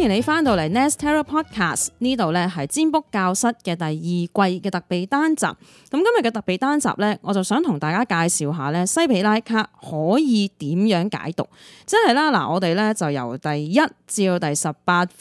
歡迎你翻到嚟 Nest Terror Podcast 呢度咧，係占卜教室嘅第二季嘅特別單集。咁今日嘅特別單集咧，我就想同大家介紹下咧西比拉卡可以點樣解讀。即係啦，嗱我哋咧就由第一至到第十八課，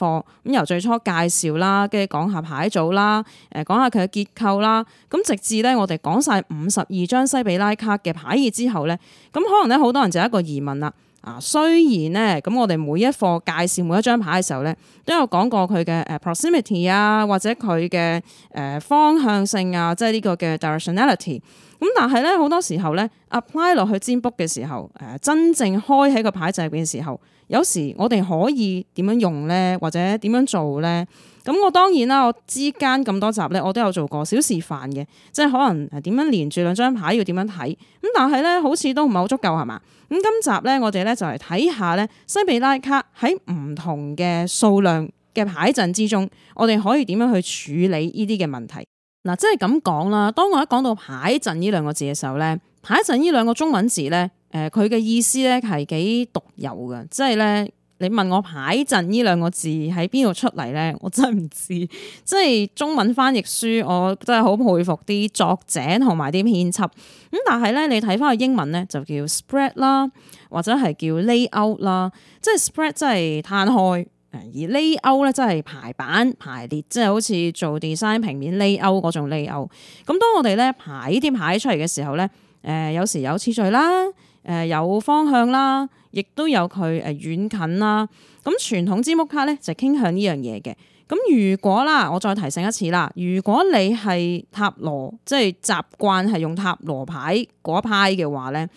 咁由最初介紹啦，跟住講下牌組啦，誒講下佢嘅結構啦，咁直至咧我哋講晒五十二張西比拉卡嘅牌意之後咧，咁可能咧好多人就有一個疑問啦。啊，雖然咧，咁我哋每一課介紹每一張牌嘅時候咧，都有講過佢嘅誒 proximity 啊，或者佢嘅誒方向性啊，即係呢個嘅 directionality。咁但係咧，好多時候咧 apply 落去占卜嘅時候，誒真正開喺個牌陣入邊嘅時候。有時我哋可以點樣用咧，或者點樣做咧？咁我當然啦，我之間咁多集咧，我都有做過小示範嘅，即係可能點樣連住兩張牌要點樣睇？咁但係咧，好似都唔係好足夠係嘛？咁今集咧，我哋咧就嚟睇下咧西比拉卡喺唔同嘅數量嘅牌陣之中，我哋可以點樣去處理呢啲嘅問題。嗱，即係咁講啦。當我一講到牌陣呢兩個字嘅時候咧，牌陣呢兩個中文字咧。誒佢嘅意思咧係幾獨有嘅，即係咧你問我排陣呢兩個字喺邊度出嚟咧，我真係唔知。即係中文翻譯書，我真係好佩服啲作者同埋啲編輯。咁但係咧，你睇翻個英文咧就叫 spread 啦，或者係叫 layout 啦。即係 spread 即係攤開，而 layout 咧即係排版排列，即係好似做 design 平面 layout 嗰種 layout。咁當我哋咧排啲排出嚟嘅時候咧，誒有時有次序啦。誒有方向啦，亦都有佢誒遠近啦。咁傳統支木卡咧就傾向呢樣嘢嘅。咁如果啦，我再提醒一次啦，如果你係塔羅，即係習慣係用塔羅牌嗰一派嘅話咧，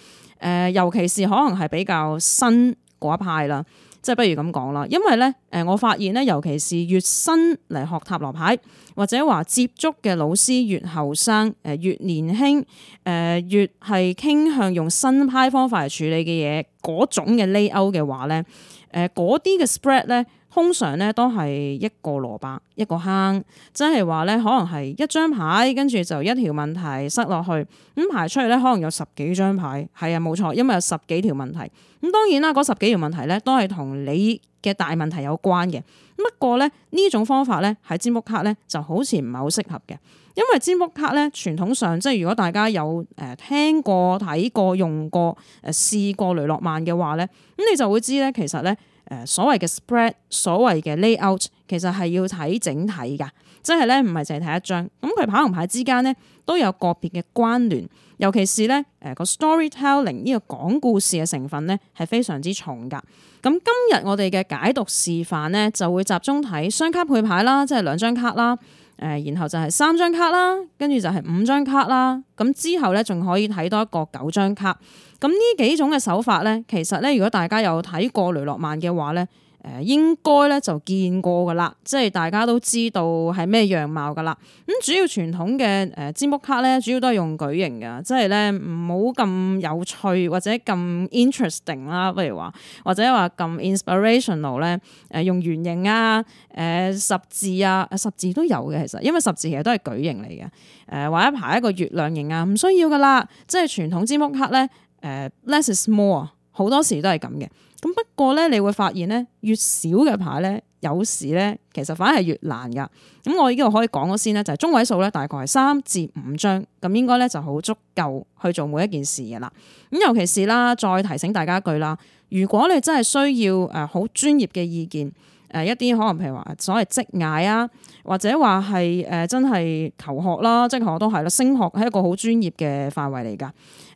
誒尤其是可能係比較新嗰一派啦。即係不如咁講啦，因為咧，誒，我發現咧，尤其是越新嚟學塔羅牌，或者話接觸嘅老師越後生，誒，越年輕，誒，越係傾向用新派方法嚟處理嘅嘢，嗰種嘅 layout 嘅話咧，誒，嗰啲嘅 spread 咧。通常咧都係一個蘿蔔一個坑，即係話咧可能係一張牌跟住就一條問題塞落去，咁排出嚟咧可能有十幾張牌，係啊冇錯，因為有十幾條問題。咁當然啦，嗰十幾條問題咧都係同你嘅大問題有關嘅。不過咧呢種方法咧喺占卜卡咧就好似唔係好適合嘅，因為占卜卡咧傳統上即係如果大家有誒聽過、睇過、用過、誒試過雷諾曼嘅話咧，咁你就會知咧其實咧。誒所謂嘅 spread，所謂嘅 layout，其實係要睇整體噶，即係咧唔係淨係睇一張。咁佢跑同牌之間咧都有個別嘅關聯，尤其是咧誒個 storytelling 呢個講故事嘅成分咧係非常之重噶。咁今日我哋嘅解讀示範咧就會集中睇雙卡配牌啦，即係兩張卡啦。誒，然後就係三張卡啦，跟住就係五張卡啦，咁之後咧仲可以睇多一個九張卡，咁呢幾種嘅手法咧，其實咧，如果大家有睇過雷諾曼嘅話咧。誒應該咧就見過噶啦，即係大家都知道係咩樣貌噶啦。咁主要傳統嘅誒占卜卡咧，主要都係用矩形嘅，即係咧唔好咁有趣或者咁 interesting 啦。不如話或者話咁 inspirational 咧，誒用圓形啊，誒、呃、十字啊，十字都有嘅其實，因為十字其實都係矩形嚟嘅。誒畫一排一個月亮形啊，唔需要噶啦。即係傳統占卜卡咧，誒、呃、less is more，好多時都係咁嘅。咁不過咧，你會發現咧，越少嘅牌咧，有時咧，其實反而係越難噶。咁我已經可以講咗先咧，就係中位數咧，大概係三至五張，咁應該咧就好足夠去做每一件事嘅啦。咁尤其是啦，再提醒大家一句啦，如果你真係需要誒好專業嘅意見。誒一啲可能譬如話所謂職涯啊，或者話係誒真係求學啦，即係求學都係啦，升學係一個好專業嘅範圍嚟㗎。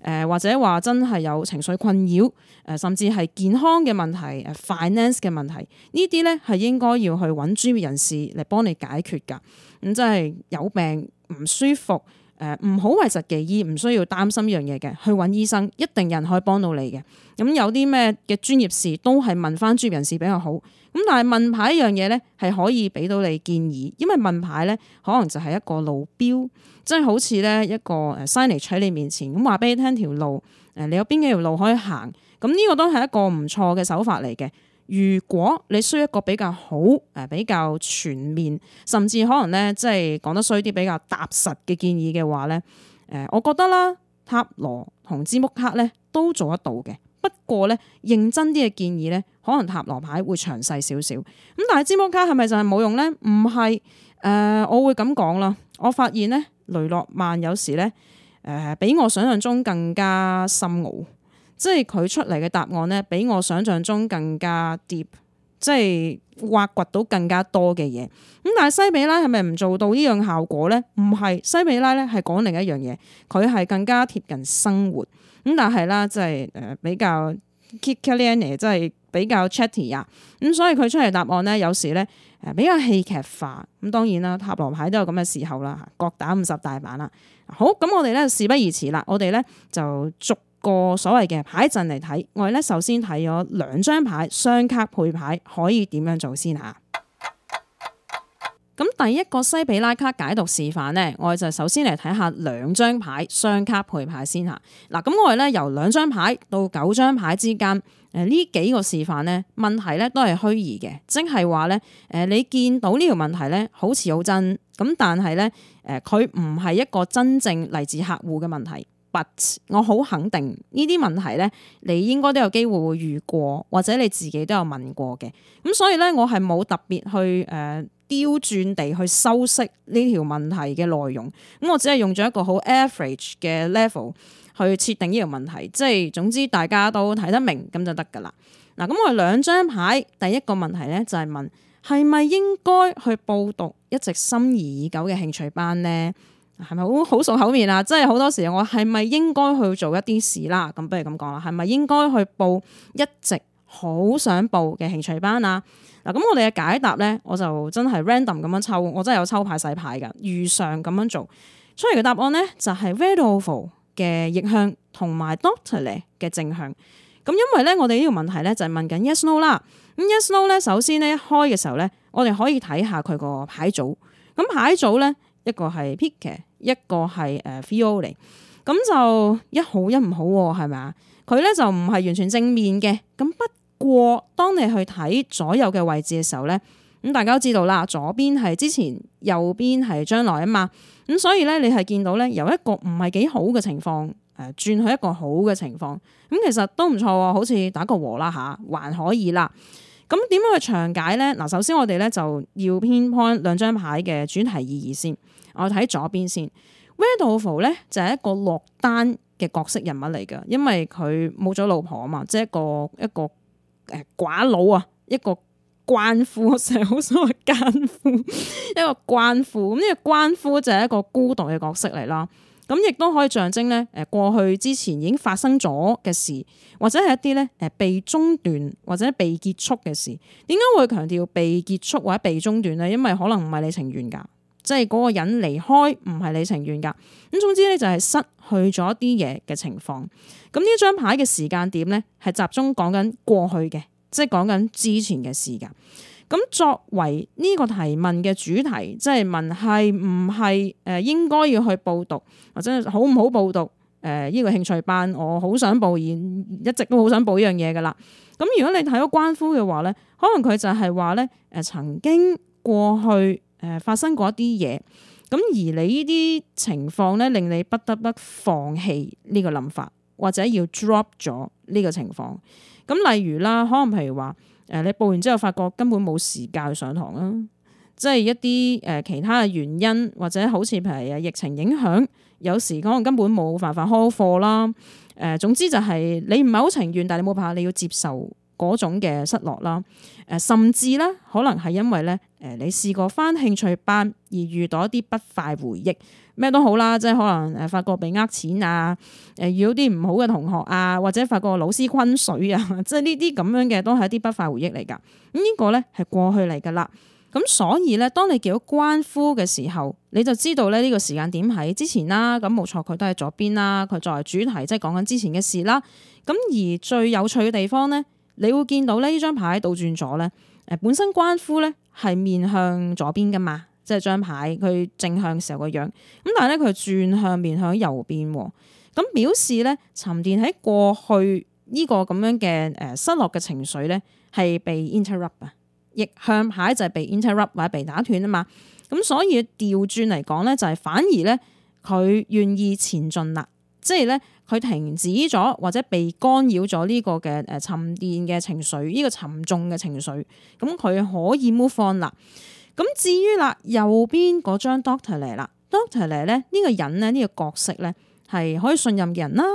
誒或者話真係有情緒困擾，誒甚至係健康嘅問題，誒 finance 嘅問題，呢啲咧係應該要去揾專業人士嚟幫你解決㗎。咁即係有病唔舒服。誒唔好，諱疾忌醫，唔需要擔心一樣嘢嘅，去揾醫生一定有人可以幫到你嘅。咁有啲咩嘅專業事都係問翻專業人士比較好。咁但係問牌一樣嘢咧，係可以俾到你建議，因為問牌咧可能就係一個路標，即係好似咧一個 signage 喺你面前咁話俾你聽條路誒，你有邊幾條路可以行？咁呢個都係一個唔錯嘅手法嚟嘅。如果你需要一個比較好、誒比較全面，甚至可能咧即係講得衰啲比較踏實嘅建議嘅話咧，誒我覺得啦，塔羅同占卜卡咧都做得到嘅。不過咧，認真啲嘅建議咧，可能塔羅牌會詳細少少。咁但係占卜卡係咪就係冇用咧？唔係，誒、呃、我會咁講啦。我發現咧，雷諾曼有時咧，誒比我想象中更加深奧。即係佢出嚟嘅答案咧，比我想象中更加 deep，即係挖掘到更加多嘅嘢。咁但係西比拉係咪唔做到呢樣效果咧？唔係，西比拉咧係講另一樣嘢，佢係更加貼近生活。咁但係啦，即係誒比較 Kikalianie，即係比較,較 chatty 啊。咁所以佢出嚟答案咧，有時咧誒比較戲劇化。咁當然啦，塔羅牌都有咁嘅時候啦，各打五十大板啦。好，咁我哋咧事不宜遲啦，我哋咧就逐。個所謂嘅牌陣嚟睇，我哋咧首先睇咗兩張牌，雙卡配牌可以點樣做先啊？咁第一個西比拉卡解讀示範咧，我哋就首先嚟睇下兩張牌雙卡配牌先嚇。嗱，咁我哋咧由兩張牌到九張牌之間，誒、呃、呢幾個示範咧，問題咧都係虛擬嘅，即係話咧誒你見到呢條問題咧好似好真，咁但係咧誒佢唔係一個真正嚟自客戶嘅問題。But 我好肯定呢啲問題咧，你應該都有機會會遇過，或者你自己都有問過嘅。咁所以咧，我係冇特別去誒、呃、刁鑽地去修飾呢條問題嘅內容。咁我只係用咗一個好 average 嘅 level 去設定呢條問題，即係總之大家都睇得明咁就得㗎喇。嗱，咁我哋兩張牌，第一個問題咧就係、是、問係咪應該去報讀一直心儀已久嘅興趣班呢？係咪好好熟口面啊？即係好多時我係咪應該去做一啲事啦？咁不如咁講啦，係咪應該去報一直好想報嘅興趣班啊？嗱，咁我哋嘅解答咧，我就真係 random 咁樣抽，我真係有抽牌洗牌噶，如常咁樣做。出嚟嘅答案咧就係、是、valuable 嘅逆向同埋 doctorly 嘅正向。咁因為咧我哋呢個問題咧就係、是、問緊 yes no 啦。咁 yes no 咧，首先咧一開嘅時候咧，我哋可以睇下佢個牌組。咁牌組咧。一個係 pica，一個係誒 feel 嚟，咁就一好一唔好，係咪啊？佢咧就唔係完全正面嘅，咁不過當你去睇左右嘅位置嘅時候咧，咁大家都知道啦，左邊係之前，右邊係將來啊嘛，咁所以咧你係見到咧由一個唔係幾好嘅情況誒轉去一個好嘅情況，咁其實都唔錯，好似打個和啦吓，還可以啦。咁點樣去詳解咧？嗱，首先我哋咧就要 pinpoint 兩張牌嘅主題意義先。我睇左邊先，Rudolph 咧就係、是、一個落單嘅角色人物嚟嘅，因為佢冇咗老婆啊嘛，即係一個一個誒、呃、寡佬啊，一個鰥夫，成日好所謂鰥夫，一個鰥夫。咁、這、呢個鰥夫就係一個孤獨嘅角色嚟啦。咁亦都可以象徵咧誒過去之前已經發生咗嘅事，或者係一啲咧誒被中斷或者被結束嘅事。點解會強調被結束或者被中斷咧？因為可能唔係你情願噶。即係嗰個人離開唔係你情願噶，咁總之咧就係失去咗啲嘢嘅情況。咁呢張牌嘅時間點咧係集中講緊過去嘅，即係講緊之前嘅事噶。咁作為呢個提問嘅主題，即係問係唔係誒應該要去報讀，或者好唔好報讀？誒、呃、呢、呢個興趣班我好想報，演，一直都好想報呢樣嘢噶啦。咁如果你睇到關乎嘅話咧，可能佢就係話咧誒曾經過去。誒，發生過一啲嘢，咁而你呢啲情況咧，令你不得不放棄呢個諗法，或者要 drop 咗呢個情況。咁例如啦，可能譬如話，誒，你報完之後發覺根本冇時間上堂啦，即係一啲誒其他嘅原因，或者好似譬如啊疫情影響，有時可能根本冇辦法開課啦。誒，總之就係你唔係好情願，但係你冇辦法，你要接受。嗰種嘅失落啦，誒甚至咧，可能係因為咧，誒你試過返興趣班而遇到一啲不快回憶，咩都好啦，即係可能誒發覺被呃錢啊，遇到啲唔好嘅同學啊，或者發覺老師昆水啊，即係呢啲咁樣嘅都係一啲不快回憶嚟噶。咁呢個咧係過去嚟噶啦，咁所以咧，當你見到關乎嘅時候，你就知道咧呢個時間點喺之前啦。咁冇錯，佢都係左邊啦，佢作為主題即係講緊之前嘅事啦。咁而最有趣嘅地方咧～你會見到咧呢張牌倒轉咗咧，誒本身關乎咧係面向左邊嘅嘛，即係張牌佢正向時候個樣，咁但係咧佢轉向面向右邊，咁表示咧沉澱喺過去呢個咁樣嘅誒失落嘅情緒咧係被 interrupt 啊，逆向牌就係被 interrupt 或者被打斷啊嘛，咁所以調轉嚟講咧就係反而咧佢願意前進啦。即係咧，佢停止咗或者被干擾咗呢個嘅誒沉澱嘅情緒，呢、這個沉重嘅情緒，咁佢可以 move on 啦。咁至於啦，右邊嗰張 doctor 嚟啦，doctor 嚟咧呢個人咧呢、這個角色咧係可以信任嘅人啦。誒、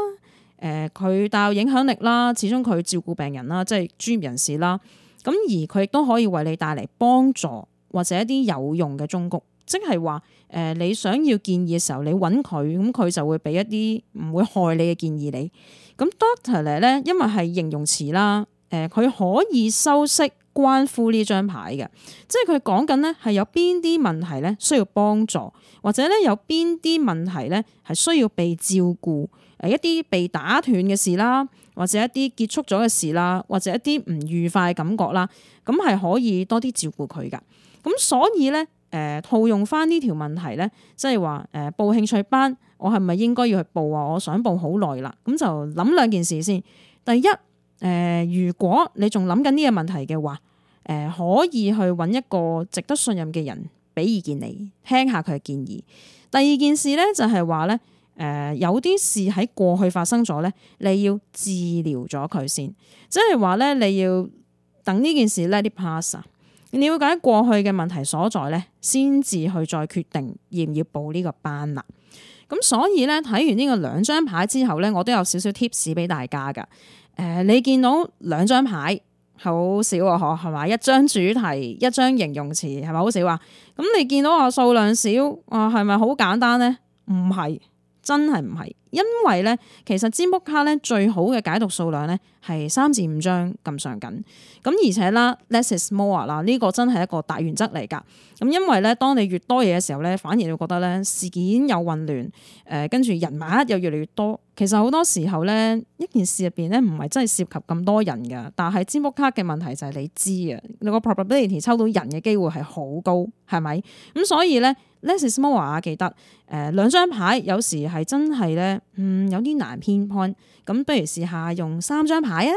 呃，佢帶有影響力啦，始終佢照顧病人啦，即係專業人士啦。咁而佢亦都可以為你帶嚟幫助或者一啲有用嘅忠告，即係話。誒，你想要建議嘅時候，你揾佢，咁佢就會俾一啲唔會害你嘅建議你。咁 Doctor 咧，咧因為係形容詞啦，誒，佢可以修飾關乎呢張牌嘅，即係佢講緊咧係有邊啲問題咧需要幫助，或者咧有邊啲問題咧係需要被照顧，誒，一啲被打斷嘅事啦，或者一啲結束咗嘅事啦，或者一啲唔愉快嘅感覺啦，咁係可以多啲照顧佢㗎。咁所以咧。誒套用翻呢條問題咧，即係話誒報興趣班，我係咪應該要去報啊？我想報好耐啦，咁就諗兩件事先。第一，誒、呃、如果你仲諗緊呢個問題嘅話，誒、呃、可以去揾一個值得信任嘅人俾意見你，聽下佢嘅建議。第二件事咧就係話咧，誒、呃、有啲事喺過去發生咗咧，你要治療咗佢先，即係話咧你要等呢件事 let it pass。瞭解過去嘅問題所在咧，先至去再決定要唔要報呢個班啦。咁所以咧睇完呢個兩張牌之後咧，我都有少少 tips 俾大家噶。誒、呃，你見到兩張牌好少啊？嗬，係咪？一張主題，一張形容詞，係咪？好少啊！咁你見到我數量少，啊係咪好簡單咧？唔係。真係唔係，因為咧，其實占卜卡咧最好嘅解讀數量咧係三至五張咁上緊，咁而且啦，less is more 啦，呢個真係一個大原則嚟噶。咁因為咧，當你越多嘢嘅時候咧，反而你會覺得咧事件有混亂，誒跟住人馬又越嚟越多。其實好多時候咧，一件事入邊咧唔係真係涉及咁多人噶，但係占卜卡嘅問題就係你知啊，你個 probability 抽到人嘅機會係好高，係咪？咁所以咧。Less is more 啊，記得誒，兩張牌有時係真係咧，嗯，有啲難偏 point。咁不如試下用三張牌啊！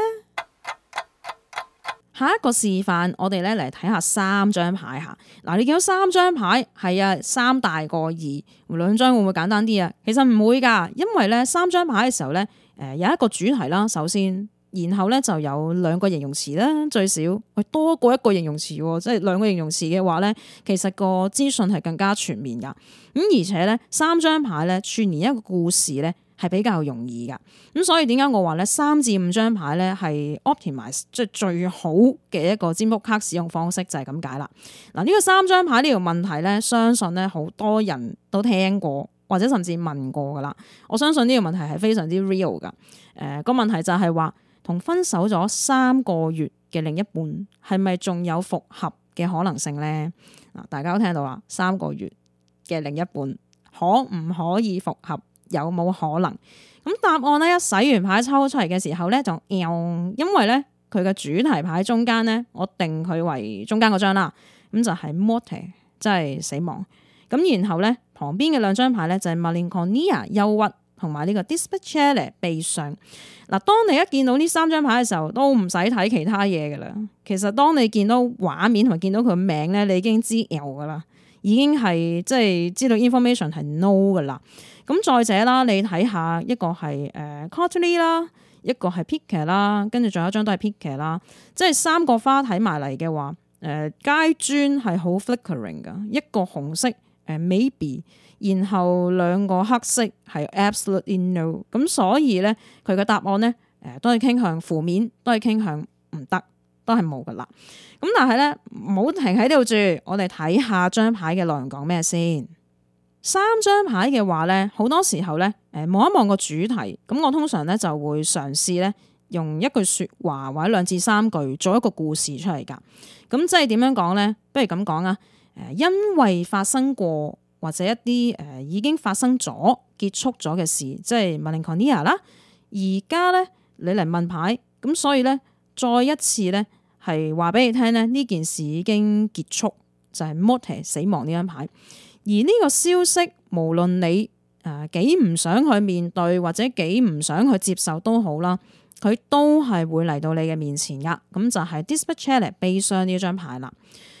下一個示範，我哋咧嚟睇下三張牌嚇。嗱、呃，你見到三張牌係啊，三大個二，兩張會唔會簡單啲啊？其實唔會噶，因為咧三張牌嘅時候咧，誒、呃、有一個主題啦。首先。然後咧就有兩個形容詞啦，最少，喎多過一個形容詞，即係兩個形容詞嘅話咧，其實個資訊係更加全面噶。咁而且咧，三張牌咧串連一個故事咧係比較容易噶。咁所以點解我話咧三至五張牌咧係 optimize 即係最好嘅一個占卜卡使用方式就係咁解啦。嗱、這、呢個三張牌呢條問題咧，相信咧好多人都聽過或者甚至問過噶啦。我相信呢條問題係非常之 real 噶。誒個問題，、呃、問題就係話。同分手咗三個月嘅另一半，係咪仲有復合嘅可能性呢？嗱，大家都聽到啦，三個月嘅另一半可唔可以復合，有冇可能？咁答案呢，一洗完牌抽出嚟嘅時候呢，就 L，因為呢，佢嘅主題牌中間呢，我定佢為中間嗰張啦，咁就係 Morte，即係死亡。咁然後呢，旁邊嘅兩張牌呢，就係、是、Melancholia，憂鬱。同埋呢個 dispatcher 備上嗱，當你一見到呢三張牌嘅時候，都唔使睇其他嘢噶啦。其實當你見到畫面同埋見到佢名咧，你已經知 L 噶啦，已經係即係知道 information 係 no 噶啦。咁再者啦，你睇下一個係誒 courtly 啦，一個係 picker 啦，跟住仲有一張都係 picker 啦，即係三個花睇埋嚟嘅話，誒街磚係好 flickering 噶，一個紅色誒 maybe。然後兩個黑色係 absolutely no，咁所以咧佢嘅答案咧，誒、呃、都係傾向負面，都係傾向唔得，都係冇噶啦。咁但係咧，唔好停喺呢度住，我哋睇下張牌嘅內容講咩先。三張牌嘅話咧，好多時候咧，誒、呃、望一望個主題，咁我通常咧就會嘗試咧用一句說話或者兩至三句，做一個故事出嚟噶。咁即係點樣講咧？不如咁講啊，誒、呃、因為發生過。或者一啲誒已經發生咗、結束咗嘅事，即係 Malinconia 啦。而家咧你嚟問牌，咁所以咧再一次咧係話俾你聽咧，呢件事已經結束，就係、是、Morte 死亡呢張牌。而呢個消息，無論你誒幾唔想去面對，或者幾唔想去接受都好啦，佢都係會嚟到你嘅面前噶。咁就係、是、Disperchella 悲傷呢張牌啦。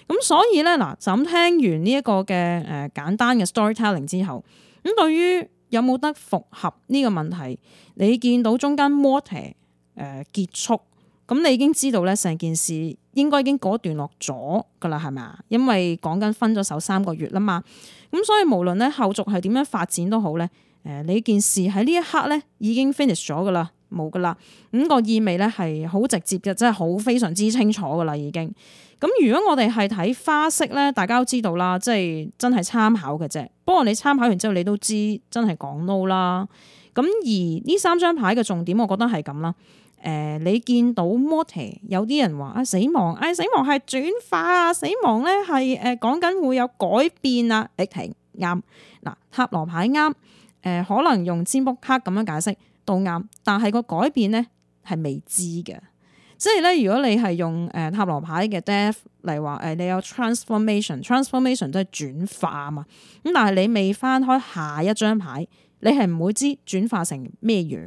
咁所以咧嗱，就咁聽完呢一個嘅誒簡單嘅 storytelling 之後，咁對於有冇得復合呢個問題，你見到中間 mort 誒、呃、結束，咁你已經知道咧成件事應該已經嗰段落咗噶啦，係咪啊？因為講緊分咗手三個月啦嘛，咁所以無論咧後續係點樣發展都好咧，誒你件事喺呢一刻咧已經 finish 咗噶啦，冇噶啦，咁、那個意味咧係好直接嘅，即係好非常之清楚噶啦，已經。咁如果我哋係睇花式咧，大家都知道啦，即係真係參考嘅啫。不過你參考完之後，你都知真係講 no 啦。咁而呢三張牌嘅重點，我覺得係咁啦。誒、呃，你見到 mort 有啲人話啊死亡，唉、啊、死亡係轉化，死亡咧係誒講緊會有改變啊。你停，啱嗱塔羅牌啱，誒、呃、可能用占卜卡咁樣解釋都啱，但係個改變咧係未知嘅。即係咧，如果你係用誒、呃、塔羅牌嘅 death 嚟話，誒、呃、你有 transformation，transformation 都係轉化嘛。咁但係你未翻開下一張牌，你係唔會知轉化成咩樣。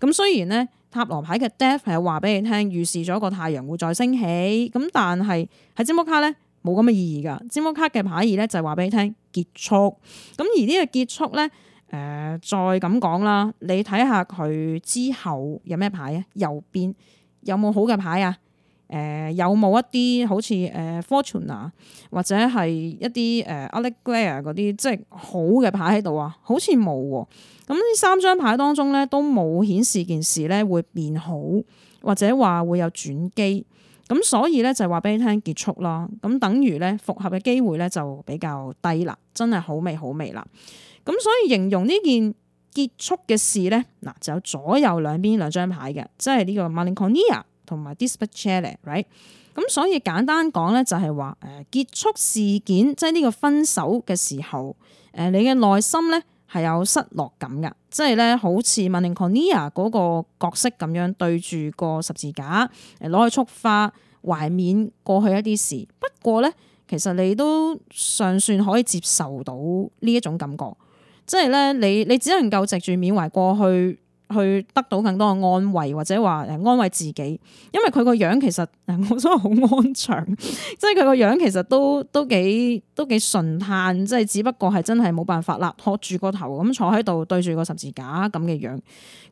咁雖然咧塔羅牌嘅 death 係話俾你聽預示咗個太陽會再升起，咁但係喺占卜卡咧冇咁嘅意義噶。占卜卡嘅牌意咧就係話俾你聽結束。咁而呢個結束咧，誒、呃、再咁講啦，你睇下佢之後有咩牌啊？右邊。有冇好嘅牌啊？誒、呃，有冇一啲好似誒、呃、Fortune 啊，或者係一啲誒、呃、Alex Clare 嗰啲即係好嘅牌喺度啊？好似冇喎。咁呢三張牌當中咧都冇顯示件事咧會變好或者話會有轉機。咁所以咧就話俾你聽結束咯。咁等於咧復合嘅機會咧就比較低啦。真係好微好微啦。咁所以形容呢件。結束嘅事呢，嗱，就有左右兩邊兩張牌嘅，即係呢個 Malinconia 同埋 Disperchelle，right？咁所以簡單講呢，就係話誒結束事件，即係呢個分手嘅時候，誒你嘅內心呢係有失落感嘅，即係呢好似 Malinconia 嗰個角色咁樣對住個十字架攞去觸發懷緬過去一啲事。不過呢，其實你都尚算可以接受到呢一種感覺。即係咧，你你只能夠藉住緬懷過去，去得到更多嘅安慰，或者話誒安慰自己。因為佢個樣其實，我都係好安詳。即係佢個樣其實都都幾都幾神態。即係只不過係真係冇辦法啦，托住個頭咁坐喺度對住個十字架咁嘅樣。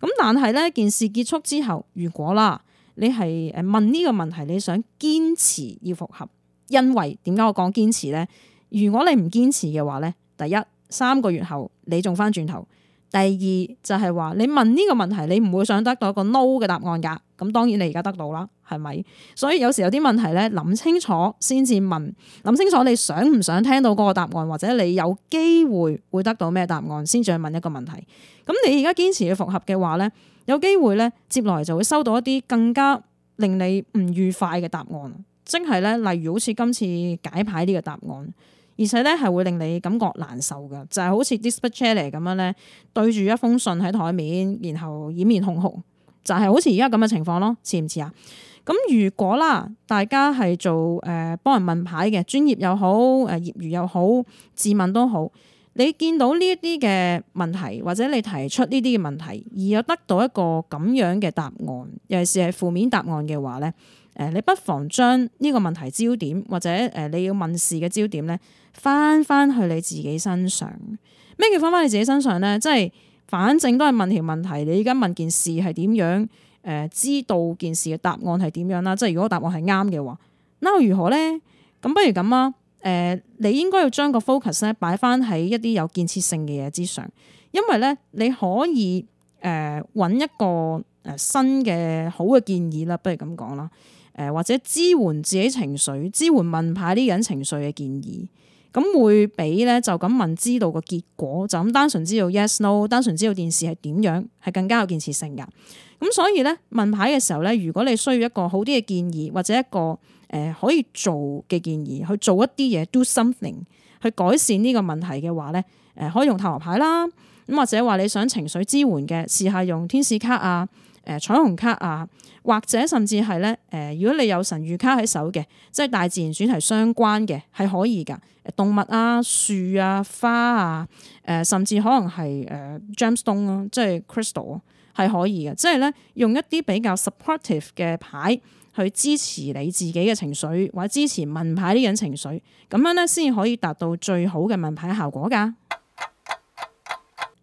咁但係咧，件事結束之後，如果啦，你係誒問呢個問題，你想堅持要復合？因為點解我講堅持咧？如果你唔堅持嘅話咧，第一。三個月後你仲翻轉頭，第二就係話你問呢個問題，你唔會想得到一個 no 嘅答案噶。咁當然你而家得到啦，係咪？所以有時有啲問題咧，諗清楚先至問，諗清楚你想唔想聽到嗰個答案，或者你有機會會得到咩答案，先再問一個問題。咁你而家堅持去復合嘅話咧，有機會咧，接來就會收到一啲更加令你唔愉快嘅答案，即係咧，例如好似今次解牌呢個答案。而且咧係會令你感覺難受嘅，就係、是、好似 dispatch 嚟咁樣咧，對住一封信喺台面，然後掩面痛哭，就係、是、好似而家咁嘅情況咯，似唔似啊？咁如果啦，大家係做誒幫、呃、人問牌嘅，專業又好，誒業餘又好，自問都好，你見到呢一啲嘅問題，或者你提出呢啲嘅問題，而又得到一個咁樣嘅答案，尤其是係負面答案嘅話咧。誒，你不妨將呢個問題焦點或者誒你要問事嘅焦點咧，翻翻去你自己身上。咩叫翻翻你自己身上咧？即係反正都係問條問題，你而家問件事係點樣？誒、呃，知道件事嘅答案係點樣啦？即係如果答案係啱嘅話，那又如何咧？咁不如咁啊？誒、呃，你應該要將個 focus 咧擺翻喺一啲有建設性嘅嘢之上，因為咧你可以誒揾、呃、一個誒新嘅好嘅建議啦，不如咁講啦。誒或者支援自己情緒、支援問牌啲人情緒嘅建議，咁會俾咧就咁問知道個結果，就咁單純知道 yes no，單純知道電視係點樣，係更加有建設性㗎。咁所以咧問牌嘅時候咧，如果你需要一個好啲嘅建議，或者一個誒、呃、可以做嘅建議去做一啲嘢 do something 去改善呢個問題嘅話咧，誒、呃、可以用塔羅牌啦，咁或者話你想情緒支援嘅，試下用天使卡啊。誒彩虹卡啊，或者甚至係咧誒，如果你有神諭卡喺手嘅，即係大自然主題相關嘅，係可以噶。動物啊、樹啊、花啊，誒、呃、甚至可能係誒、呃、gemstone 咯、啊，即係 crystal 係、啊、可以嘅。即係咧用一啲比較 supportive 嘅牌去支持你自己嘅情緒，或者支持問牌呢人情緒，咁樣咧先可以達到最好嘅問牌效果㗎。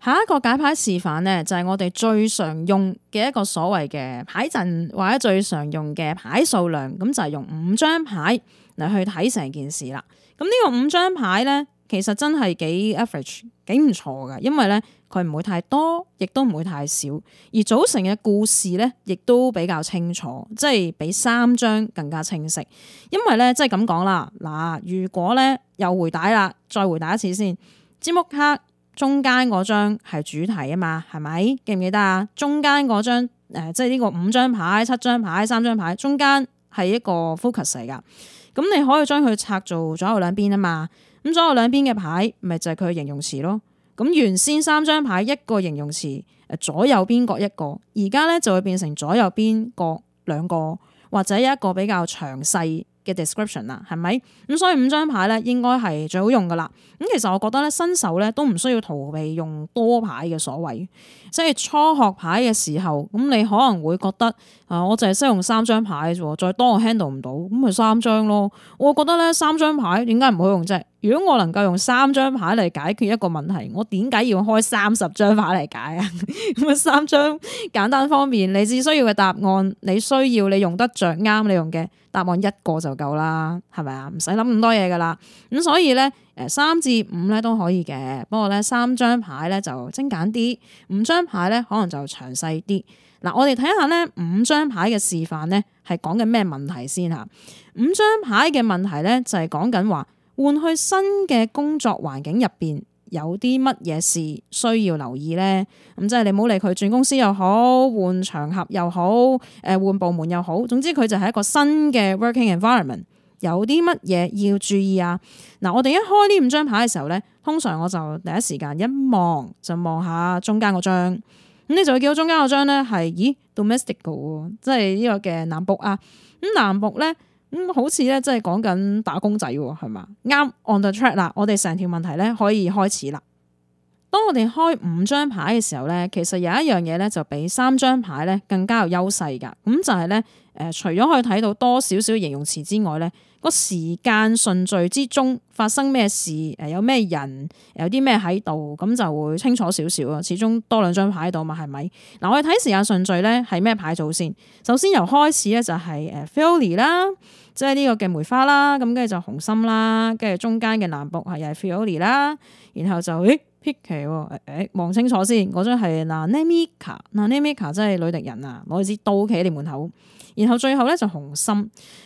下一個解牌示範呢，就係我哋最常用嘅一個所謂嘅牌陣，或者最常用嘅牌數量，咁就係用五張牌嚟去睇成件事啦。咁呢個五張牌呢，其實真係幾 average，幾唔錯㗎，因為呢，佢唔會太多，亦都唔會太少，而組成嘅故事呢，亦都比較清楚，即係比三張更加清晰。因為呢，即係咁講啦，嗱，如果呢，又回帶啦，再回帶一次先，節目卡。中間嗰張係主題啊嘛，係咪？記唔記得啊？中間嗰張誒，即係呢個五張牌、七張牌、三張牌，中間係一個 focus 嚟㗎。咁你可以將佢拆做左右兩邊啊嘛。咁左右兩邊嘅牌，咪就係佢形容詞咯。咁原先三張牌一個形容詞，誒左右邊各一個，而家咧就會變成左右邊各兩個，或者有一個比較詳細。嘅 description 啦，係咪？咁所以五張牌咧，應該係最好用噶啦。咁其實我覺得咧，新手咧都唔需要逃避用多牌嘅所謂。即係初學牌嘅時候，咁你可能會覺得啊，我淨係識用三張牌啫喎，再多我 handle 唔到，咁咪三張咯。我覺得咧，三張牌點解唔好用啫？如果我能夠用三張牌嚟解決一個問題，我點解要開張解 三十張牌嚟解啊？咁啊三張簡單方便，你只需要嘅答案，你需要你用得着啱你用嘅答案一個就夠啦，係咪啊？唔使諗咁多嘢噶啦。咁所以咧，誒三至五咧都可以嘅，不過咧三張牌咧就精簡啲，五張牌咧可能就詳細啲。嗱，我哋睇下咧五張牌嘅示範咧係講緊咩問題先吓。五張牌嘅問題咧就係講緊話。換去新嘅工作環境入邊，有啲乜嘢事需要留意呢？咁即係你唔好理佢轉公司又好，換場合又好，誒、呃、換部門又好，總之佢就係一個新嘅 working environment，有啲乜嘢要注意啊？嗱，我哋一開呢五張牌嘅時候呢，通常我就第一時間一望就望下中間嗰張，咁你就會見到中間嗰張呢係咦 domestic 嘅喎，ical, 即係呢個嘅南博啊，咁南博呢。咁好似咧，即係講緊打工仔喎，係嘛？啱 on the track 啦。我哋成條問題咧，可以開始啦。當我哋開五張牌嘅時候咧，其實有一樣嘢咧，就比三張牌咧更加有優勢噶。咁就係咧，誒，除咗可以睇到多少少形容詞之外咧。個時間順序之中發生咩事？誒，有咩人？有啲咩喺度？咁就會清楚少少啊。始終多兩張牌喺度嘛，係咪？嗱，我哋睇時間順序咧，係咩牌組先？首先由開始咧就係誒 Fiori 啦，即係呢個嘅梅花啦，咁跟住就紅心啦，跟住中間嘅藍博係又係 Fiori 啦，然後就誒 Picche、哦，誒誒，望清楚先，嗰張係嗱 Nemica，嗱 Nemica 真係女敵人啊，我哋知到企喺你門口。然後最後咧就紅心，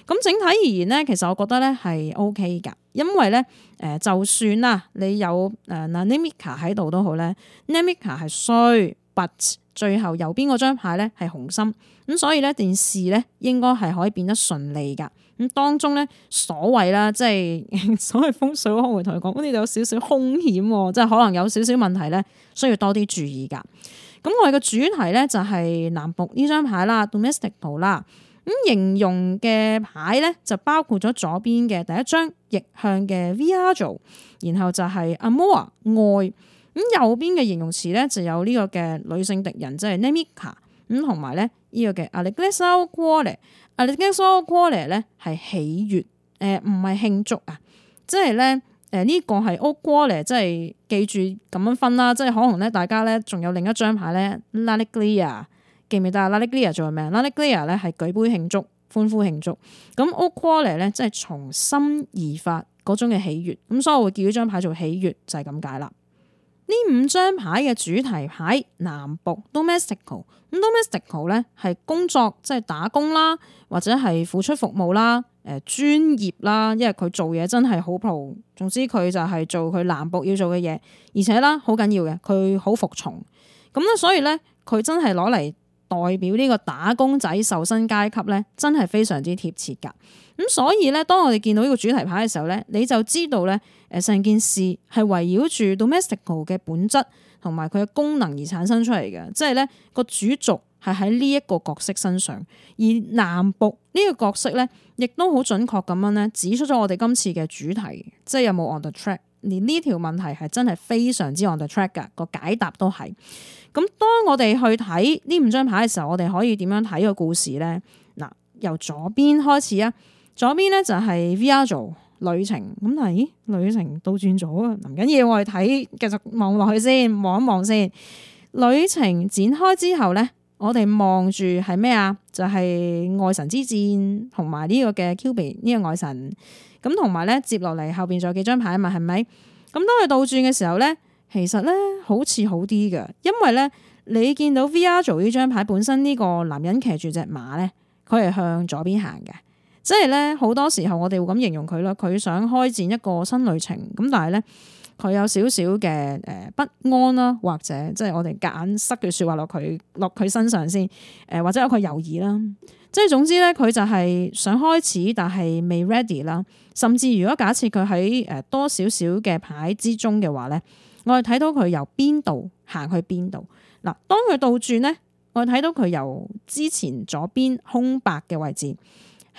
咁整體而言咧，其實我覺得咧係 O K 噶，因為咧誒就算啦，你有誒 Nemica 喺度都好咧，Nemica 係衰，but 最後右邊嗰張牌咧係紅心，咁所以咧電視咧應該係可以變得順利噶，咁當中咧所謂啦，即係所謂風水，我可唔可以同你講，呢度有少少凶險，即係可能有少少問題咧，需要多啲注意噶。咁我哋嘅主題咧就係、是、南部呢張牌啦，domestic 圖啦。咁、嗯、形容嘅牌咧就包括咗左邊嘅第一張逆向嘅 v r z e 然後就係 Amore 愛。咁、嗯、右邊嘅形容詞咧就有呢個嘅女性敵人，即係 Nemica、嗯。咁同埋咧呢、呢個嘅 a l i g r e s c o l e a l i g r e s c o l e 咧係喜悦，誒唔係慶祝啊，即係咧。誒呢個係 Oakley，即係記住咁樣分啦，即係可能咧大家咧仲有另一張牌咧，Laliglia，記唔記得？Laliglia 做咩？Laliglia 咧係舉杯慶祝、歡呼慶祝，咁 Oakley 咧即係從心而發嗰種嘅喜悅，咁所以我會叫呢張牌做喜悅，就係咁解啦。呢五張牌嘅主題牌南僑 domestic 咁 domestic 咧係工作即係打工啦，或者係付出服務啦，誒專業啦，因為佢做嘢真係好 pro。總之佢就係做佢南僑要做嘅嘢，而且啦好緊要嘅佢好服從咁啦，所以咧佢真係攞嚟代表呢個打工仔受薪階級咧，真係非常之貼切㗎。咁所以咧，當我哋見到呢個主題牌嘅時候咧，你就知道咧，誒成件事係圍繞住 Domestic 嘅本質同埋佢嘅功能而產生出嚟嘅，即係咧個主軸係喺呢一個角色身上，而南部呢個角色咧，亦都好準確咁樣咧指出咗我哋今次嘅主題，即係有冇 on the track，連呢條問題係真係非常之 on the track 噶，個解答都係。咁當我哋去睇呢五張牌嘅時候，我哋可以點樣睇個故事咧？嗱，由左邊開始啊。左邊咧就係 v r z 旅程，咁但係咦，旅程倒轉咗啊！唔緊要，我哋睇，繼續望落去先，望一望先。旅程展開之後咧，我哋望住係咩啊？就係、是、愛神之戰同埋呢個嘅 QB 呢個愛神。咁同埋咧，接落嚟後邊仲有幾張牌啊嘛，係咪？咁當佢倒轉嘅時候咧，其實咧好似好啲嘅，因為咧你見到 v r z 呢張牌本身呢個男人騎住隻馬咧，佢係向左邊行嘅。即係咧，好多時候我哋會咁形容佢啦。佢想開展一個新旅程，咁但係咧，佢有少少嘅誒不安啦，或者即係我哋夾硬，硬塞句說話落佢落佢身上先誒，或者有佢猶豫啦。即係總之咧，佢就係想開始，但係未 ready 啦。甚至如果假設佢喺誒多少少嘅牌之中嘅話咧，我哋睇到佢由邊度行去邊度嗱。當佢倒轉咧，我哋睇到佢由之前左邊空白嘅位置。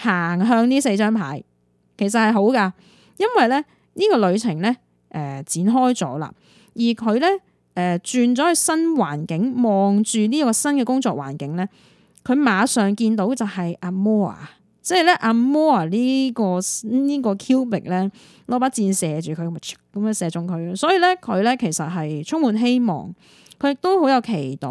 行向呢四張牌，其實係好㗎，因為咧呢、這個旅程咧誒、呃、展開咗啦，而佢咧誒轉咗去新環境，望住呢個新嘅工作環境咧，佢馬上見到就係阿摩亞，即係咧阿摩亞呢個呢個 Cubic 咧攞把箭射住佢咁啊，樣射中佢，所以咧佢咧其實係充滿希望。佢亦都好有期待，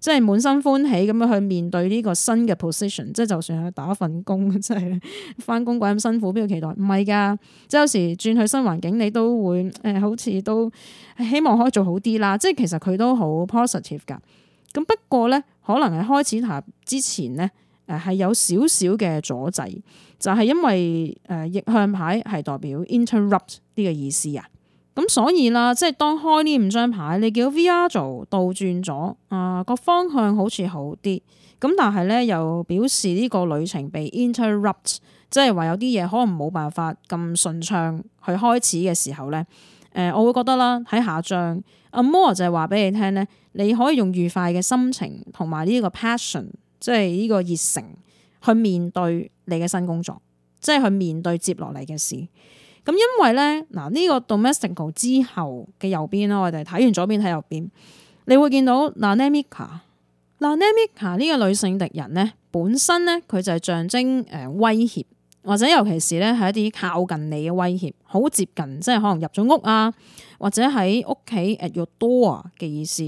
即係滿心歡喜咁樣去面對呢個新嘅 position，即係就算去打份工，真係翻工鬼咁辛苦，邊有期待？唔係㗎，即係有時轉去新環境，你都會誒、呃，好似都希望可以做好啲啦。即係其實佢都好 positive 噶。咁不過呢，可能係開始下之前呢，誒係有少少嘅阻滯，就係因為誒逆向牌係代表 interrupt 呢個意思啊。咁所以啦，即係當開呢五張牌，你叫 VR 做倒轉咗啊個方向好好，好似好啲。咁但係咧，又表示呢個旅程被 interrupt，即係話有啲嘢可能冇辦法咁順暢去開始嘅時候咧。誒、呃，我會覺得啦，喺下張 Amor 摩就係話俾你聽咧，你可以用愉快嘅心情同埋呢個 passion，即係呢個熱誠去面對你嘅新工作，即係去面對接落嚟嘅事。咁因為咧，嗱呢個 Domestic 之後嘅右邊啦，我哋睇完左邊睇右邊，你會見到嗱，Nemica，嗱 Nemica 呢個女性敵人咧，本身咧佢就係象徵誒威脅，或者尤其是咧係一啲靠近你嘅威脅，好接近，即係可能入咗屋啊，或者喺屋企 at your door 嘅意思。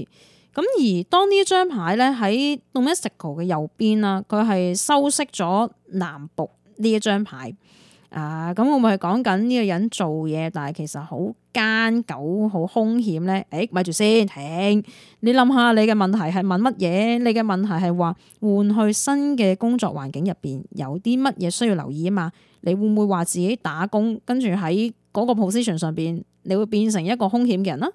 咁而當呢張牌咧喺 Domestic 嘅右邊啦，佢係修飾咗南部呢一張牌。啊，咁會唔會係講緊呢個人做嘢，但係其實好奸狡，好兇險呢？誒、欸，咪住先，停。你諗下，你嘅問題係問乜嘢？你嘅問題係話換去新嘅工作環境入邊，有啲乜嘢需要留意啊嘛？你會唔會話自己打工跟住喺嗰個 position 上邊，你會變成一個兇險嘅人啦？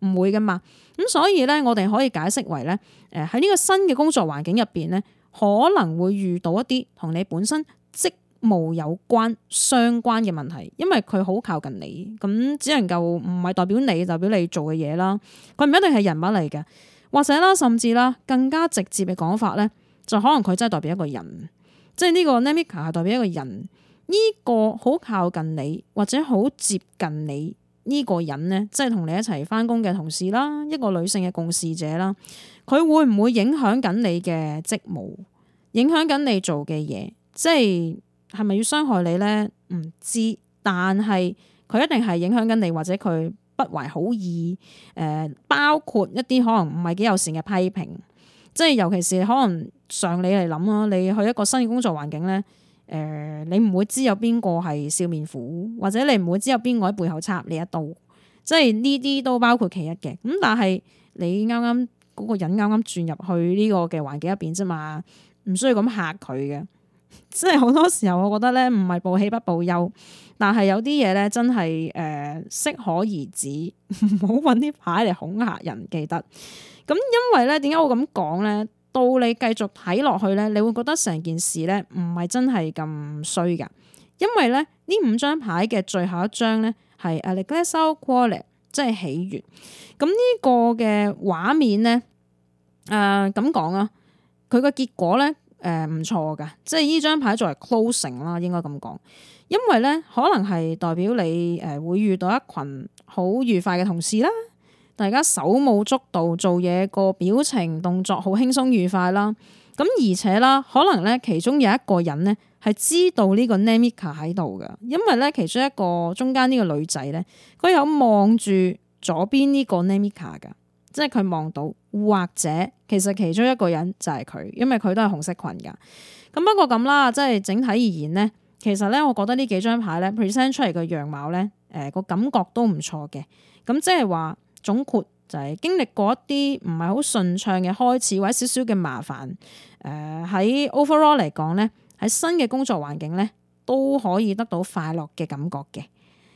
唔會噶嘛。咁所以呢，我哋可以解釋為呢，誒喺呢個新嘅工作環境入邊呢，可能會遇到一啲同你本身即。冇有關相關嘅問題，因為佢好靠近你，咁只能夠唔係代表你，代表你做嘅嘢啦。佢唔一定係人物嚟嘅，或者啦，甚至啦，更加直接嘅講法呢，就可能佢真係代表一個人，即係呢個 Namica 係代表一個人。呢個好靠近你，或者好接近你呢個人呢，即係同你一齊翻工嘅同事啦，一個女性嘅共事者啦，佢會唔會影響緊你嘅職務，影響緊你做嘅嘢，即係？係咪要傷害你呢？唔知，但係佢一定係影響緊你，或者佢不懷好意。誒、呃，包括一啲可能唔係幾友善嘅批評，即係尤其是可能上你嚟諗咯，你去一個新嘅工作環境呢，誒、呃，你唔會知有邊個係笑面虎，或者你唔會知有邊個喺背後插你一刀。即係呢啲都包括其一嘅。咁但係你啱啱嗰個人啱啱轉入去呢個嘅環境入邊啫嘛，唔需要咁嚇佢嘅。即係好多時候，我覺得咧唔係報喜不報憂，但係有啲嘢咧真係誒適可而止，唔好揾啲牌嚟恐嚇人。記得咁，因為咧點解我咁講咧？到你繼續睇落去咧，你會覺得成件事咧唔係真係咁衰噶。因為咧呢五張牌嘅最後一張咧係阿 Nicholas Cole，即係喜悅。咁呢個嘅畫面咧，誒咁講啊，佢嘅結果咧。誒唔、呃、錯嘅，即係呢張牌作為 closing 啦，應該咁講。因為咧，可能係代表你誒、呃、會遇到一群好愉快嘅同事啦，大家手舞足蹈做嘢，個表情動作好輕鬆愉快啦。咁而且啦，可能咧其中有一個人咧係知道呢個 Namica 喺度嘅，因為咧其中一個中間呢個女仔咧，佢有望住左邊呢個 Namica 嘅。即係佢望到，或者其實其中一個人就係佢，因為佢都係紅色裙㗎。咁不過咁啦，即係整體而言呢，其實呢，我覺得呢幾張牌呢 present 出嚟嘅樣貌呢，誒、呃、個、呃、感覺都唔錯嘅。咁、呃、即係話總括就係經歷過一啲唔係好順暢嘅開始，或者少少嘅麻煩。誒喺 overall 嚟講呢，喺新嘅工作環境呢，都可以得到快樂嘅感覺嘅。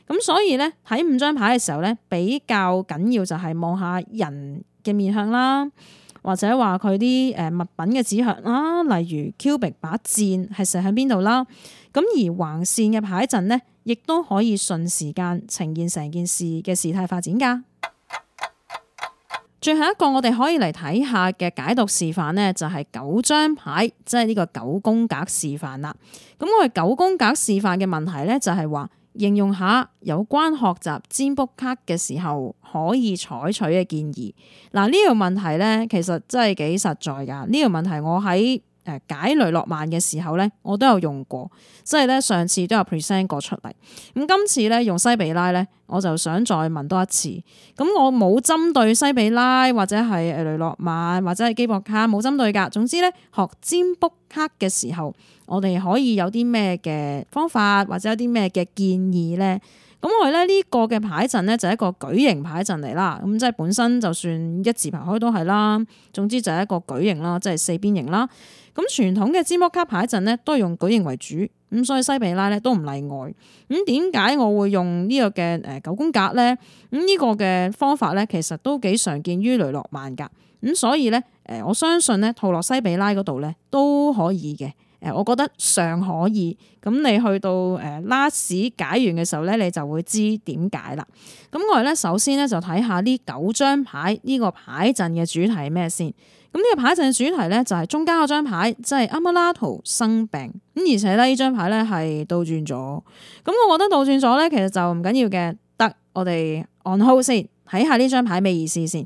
咁所以咧，喺五張牌嘅時候咧，比較緊要就係望下人嘅面向啦，或者話佢啲誒物品嘅指向啦，例如 Cubic 把箭係射向邊度啦。咁而橫線嘅牌陣呢，亦都可以順時間呈現成件事嘅事態發展噶。最後一個我哋可以嚟睇下嘅解讀示範呢，就係、是、九張牌，即係呢個九宮格示範啦。咁我哋九宮格示範嘅問題呢，就係話。應用下有關學習占卜卡嘅時候可以採取嘅建議。嗱，呢條問題咧，其實真係幾實在㗎。呢條問題我喺誒解雷諾曼嘅時候咧，我都有用過，即係咧上次都有 present 過出嚟。咁今次咧用西比拉咧，我就想再問多一次。咁我冇針對西比拉或者係誒雷諾曼或者係基博卡，冇針對噶。總之咧，學占卜卡嘅時候，我哋可以有啲咩嘅方法或者有啲咩嘅建議咧？咁我咧呢個嘅牌陣咧就係一個矩形牌陣嚟啦。咁即係本身就算一字排開都係啦。總之就係一個矩形啦，即係四邊形啦。咁傳統嘅芝摩卡牌陣咧，都係用矩形為主，咁所以西比拉咧都唔例外。咁點解我會用呢個嘅誒九宮格咧？咁、這、呢個嘅方法咧，其實都幾常見於雷諾曼格，咁所以咧誒，我相信咧，套落西比拉嗰度咧都可以嘅。誒，我覺得尚可以。咁你去到誒 last 解完嘅時候咧，你就會知點解啦。咁我哋咧首先咧就睇下呢九張牌呢、這個牌陣嘅主題係咩先。咁呢個牌陣嘅主題咧就係中間嗰張牌，即係阿媽拉圖生病，咁而且咧呢張牌咧係倒轉咗。咁我覺得倒轉咗咧，其實就唔緊要嘅。得我哋按號先睇下呢張牌咩意思先。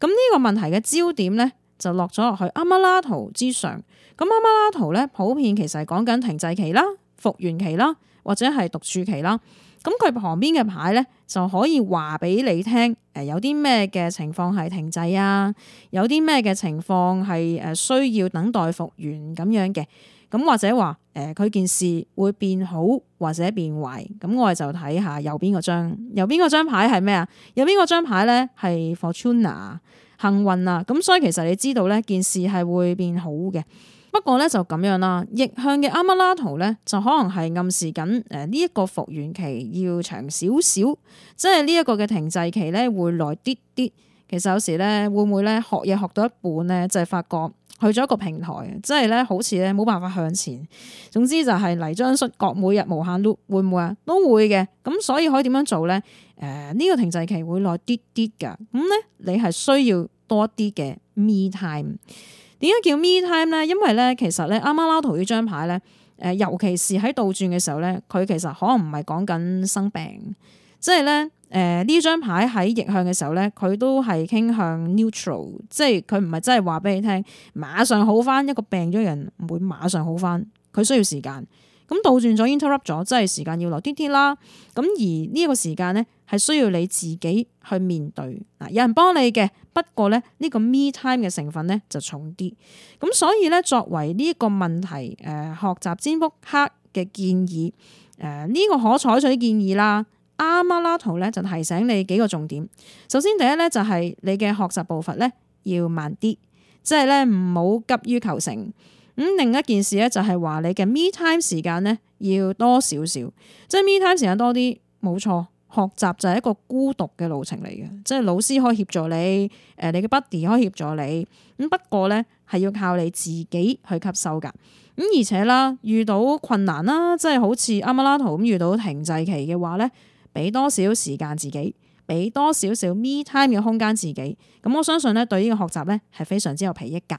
咁呢個問題嘅焦點咧就落咗落去阿媽拉圖之上。咁阿媽拉圖咧普遍其實係講緊停滯期啦。復原期啦，或者係獨處期啦，咁佢旁邊嘅牌咧就可以話俾你聽，誒，有啲咩嘅情況係停滯啊，有啲咩嘅情況係誒需要等待復原咁樣嘅，咁或者話誒佢件事會變好或者變壞，咁我哋就睇下右邊個張，右邊個張牌係咩啊？右邊個張牌咧係 Fortuna，幸運啊，咁所以其實你知道咧件事係會變好嘅。不過咧，就咁樣啦，逆向嘅阿曼拉圖咧，就可能係暗示緊誒，呢一個復原期要長少少，即係呢一個嘅停滯期，咧，會耐啲啲。其實有時咧，會唔會咧，學嘢學到一半，咧,就係、是、發覺去咗一個平台，即係咧，好似咧，冇辦法向前。總之就係嚟張縮角，每日無限 loop 會唔會啊？都會嘅。咁所以可以點樣做咧？誒、呃、呢、這個停滯期會耐啲啲噶。咁、嗯、咧你係需要多啲嘅 me time。點解叫 me time 咧？因為咧，其實咧，啱啱撈圖呢張牌咧，誒，尤其是喺倒轉嘅時候咧，佢其實可能唔係講緊生病，即係咧，誒、呃，呢張牌喺逆向嘅時候咧，佢都係傾向 neutral，即係佢唔係真係話俾你聽馬上好返，一個病咗嘅人，唔會馬上好返，佢需要時間。咁倒轉咗 interrupt 咗，即係時間要留啲啲啦。咁而呢一個時間咧，係需要你自己去面對。嗱，有人幫你嘅，不過咧呢個 me time 嘅成分咧就重啲。咁所以咧，作為呢一個問題誒，學習占卜黑嘅建議誒，呢個可採取建議啦。啱啱拉圖咧就提醒你幾個重點。首先第一咧就係你嘅學習步伐咧要慢啲，即係咧唔好急於求成。咁另一件事咧，就係話你嘅 me time 時間咧，要多少少，即係 me time 時間多啲，冇錯。學習就係一個孤獨嘅路程嚟嘅，即係老師可以協助你，誒，你嘅 buddy 可以協助你。咁不過咧，係要靠你自己去吸收噶。咁而且啦，遇到困難啦，即係好似啱啱啦圖咁遇到停滯期嘅話咧，俾多少時間自己，俾多少少 me time 嘅空間自己。咁我相信咧，對呢個學習咧係非常之有裨益噶。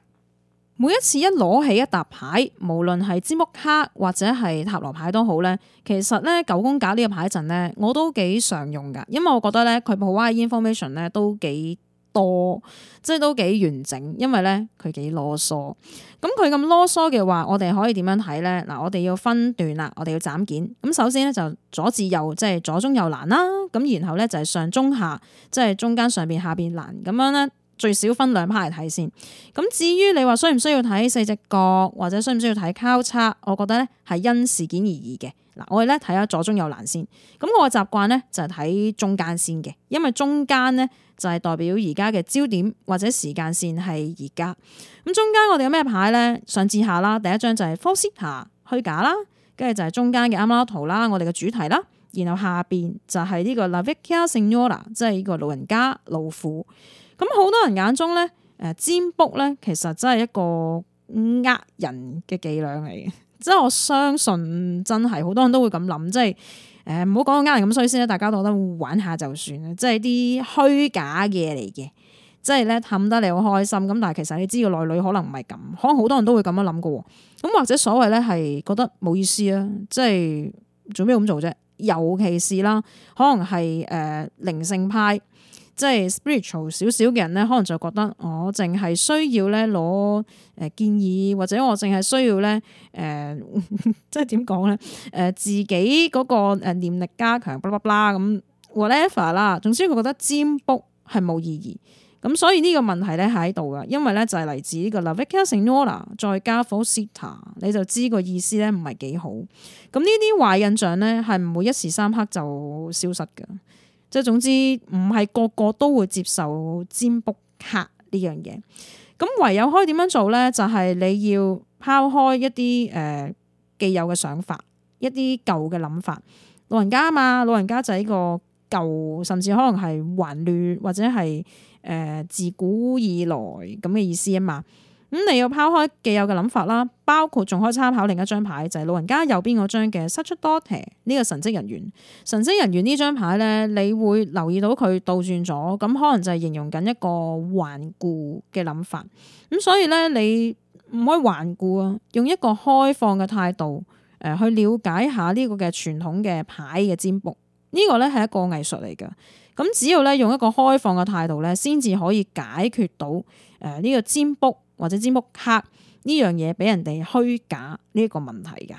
每一次一攞起一沓牌，無論係占卜卡或者係塔羅牌都好咧，其實咧九宮格呢個牌陣咧，我都幾常用㗎，因為我覺得咧佢 provide information 咧都幾多，即係都幾完整，因為咧佢幾囉嗦。咁佢咁囉嗦嘅話，我哋可以點樣睇咧？嗱，我哋要分段啦，我哋要斬件。咁首先咧就左至右，即係左中右欄啦。咁然後咧就係上中下，即係中間上邊下邊欄咁樣咧。最少分兩 part 嚟睇先。咁至於你話需唔需要睇四隻角，或者需唔需要睇交叉，我覺得咧係因事件而異嘅。嗱，我哋咧睇下左中右欄先。咁我嘅習慣咧就係睇中間先嘅，因為中間咧就係代表而家嘅焦點或者時間線係而家。咁中間我哋有咩牌咧？上至下啦，第一張就係 Falsità 虛假啦，跟住就係中間嘅 Amato 啦，我哋嘅主題啦，然後下邊就係呢個 Lavica Signora 即係呢個老人家老虎。咁好多人眼中咧，誒，占卜咧，其實真係一個呃人嘅伎倆嚟嘅，即 係我相信真係好多人都會咁諗，即係誒，唔好講到呃人咁衰先啦，大家都覺得玩下就算啦，即係啲虛假嘅嘢嚟嘅，即係咧氹得你好開心，咁但係其實你知個內裏可能唔係咁，可能好多人都會咁樣諗嘅，咁或者所謂咧係覺得冇意思呀，即係做咩咁做啫？尤其是啦，可能係誒、呃、靈性派。即係 spiritual 少少嘅人咧，可能就覺得我淨係需要咧攞誒建議，或者我淨係需要咧誒，呃、 即係點講咧誒自己嗰個誒念力加強，巴拉巴拉咁 whatever 啦。總之佢覺得占卜係冇意義。咁所以呢個問題咧係喺度噶，因為咧就係嚟自呢個。那 vicarina 再加 itta，你就知個意思咧唔係幾好。咁呢啲壞印象咧係唔會一時三刻就消失嘅。即總之唔係個個都會接受占卜客呢樣嘢，咁唯有可以點樣做咧？就係、是、你要拋開一啲誒、呃、既有嘅想法，一啲舊嘅諗法。老人家嘛，老人家就係呢個舊，甚至可能係混亂或者係誒、呃、自古以來咁嘅意思啊嘛。咁你要拋開既有嘅諗法啦，包括仲可以參考另一張牌，就係、是、老人家右邊嗰張嘅 Sacerdote 呢個神職人員。神職人員呢張牌咧，你會留意到佢倒轉咗，咁可能就係形容緊一個頑固嘅諗法。咁所以咧，你唔可以頑固啊，用一個開放嘅態度，誒、呃、去了解下呢個嘅傳統嘅牌嘅占卜。呢個咧係一個藝術嚟㗎。咁只要咧用一個開放嘅態度咧，先至可以解決到誒呢個占卜。或者占卜卡呢樣嘢俾人哋虛假呢一個問題噶，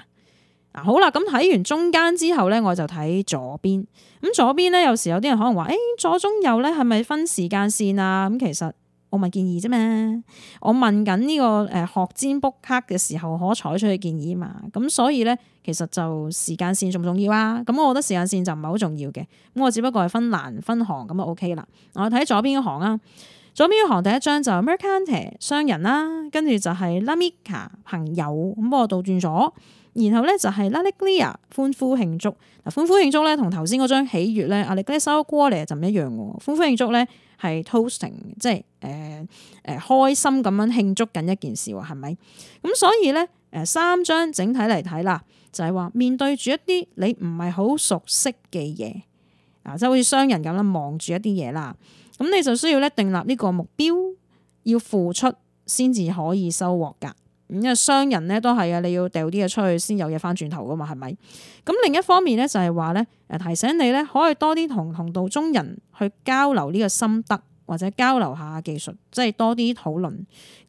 嗱好啦，咁睇完中間之後咧，我就睇左邊。咁左邊咧，有時有啲人可能話，誒、欸，左中右咧係咪分時間線啊？咁其實我問建議啫咩？我問緊呢個誒學占卜卡嘅時候可採取嘅建議嘛。咁所以咧，其實就時間線重唔重要啊？咁我覺得時間線就唔係好重要嘅。咁我只不過係分欄分行咁就 OK 啦。我睇左邊行啊。左邊行第一張就係 Mercante 商人啦，跟住就係 Lamica 朋友，咁我倒轉咗，然後咧就係 Lalegria 歡呼慶祝。嗱，歡呼慶祝咧，同頭先嗰張喜悅咧，阿力格斯修哥嚟就唔一樣喎。歡呼慶祝咧係 toasting，即係誒誒開心咁樣慶祝緊一件事喎，係咪？咁所以咧誒三張整體嚟睇啦，就係話面對住一啲你唔係好熟悉嘅嘢，啊，即係好似商人咁樣，望住一啲嘢啦。咁你就需要咧訂立呢個目標，要付出先至可以收穫㗎。咁因為商人咧都係啊，你要掉啲嘢出去先有嘢翻轉頭噶嘛，係咪？咁另一方面咧就係話咧，誒、呃、提醒你咧，可以多啲同同道中人去交流呢個心得，或者交流下技術，即係多啲討論。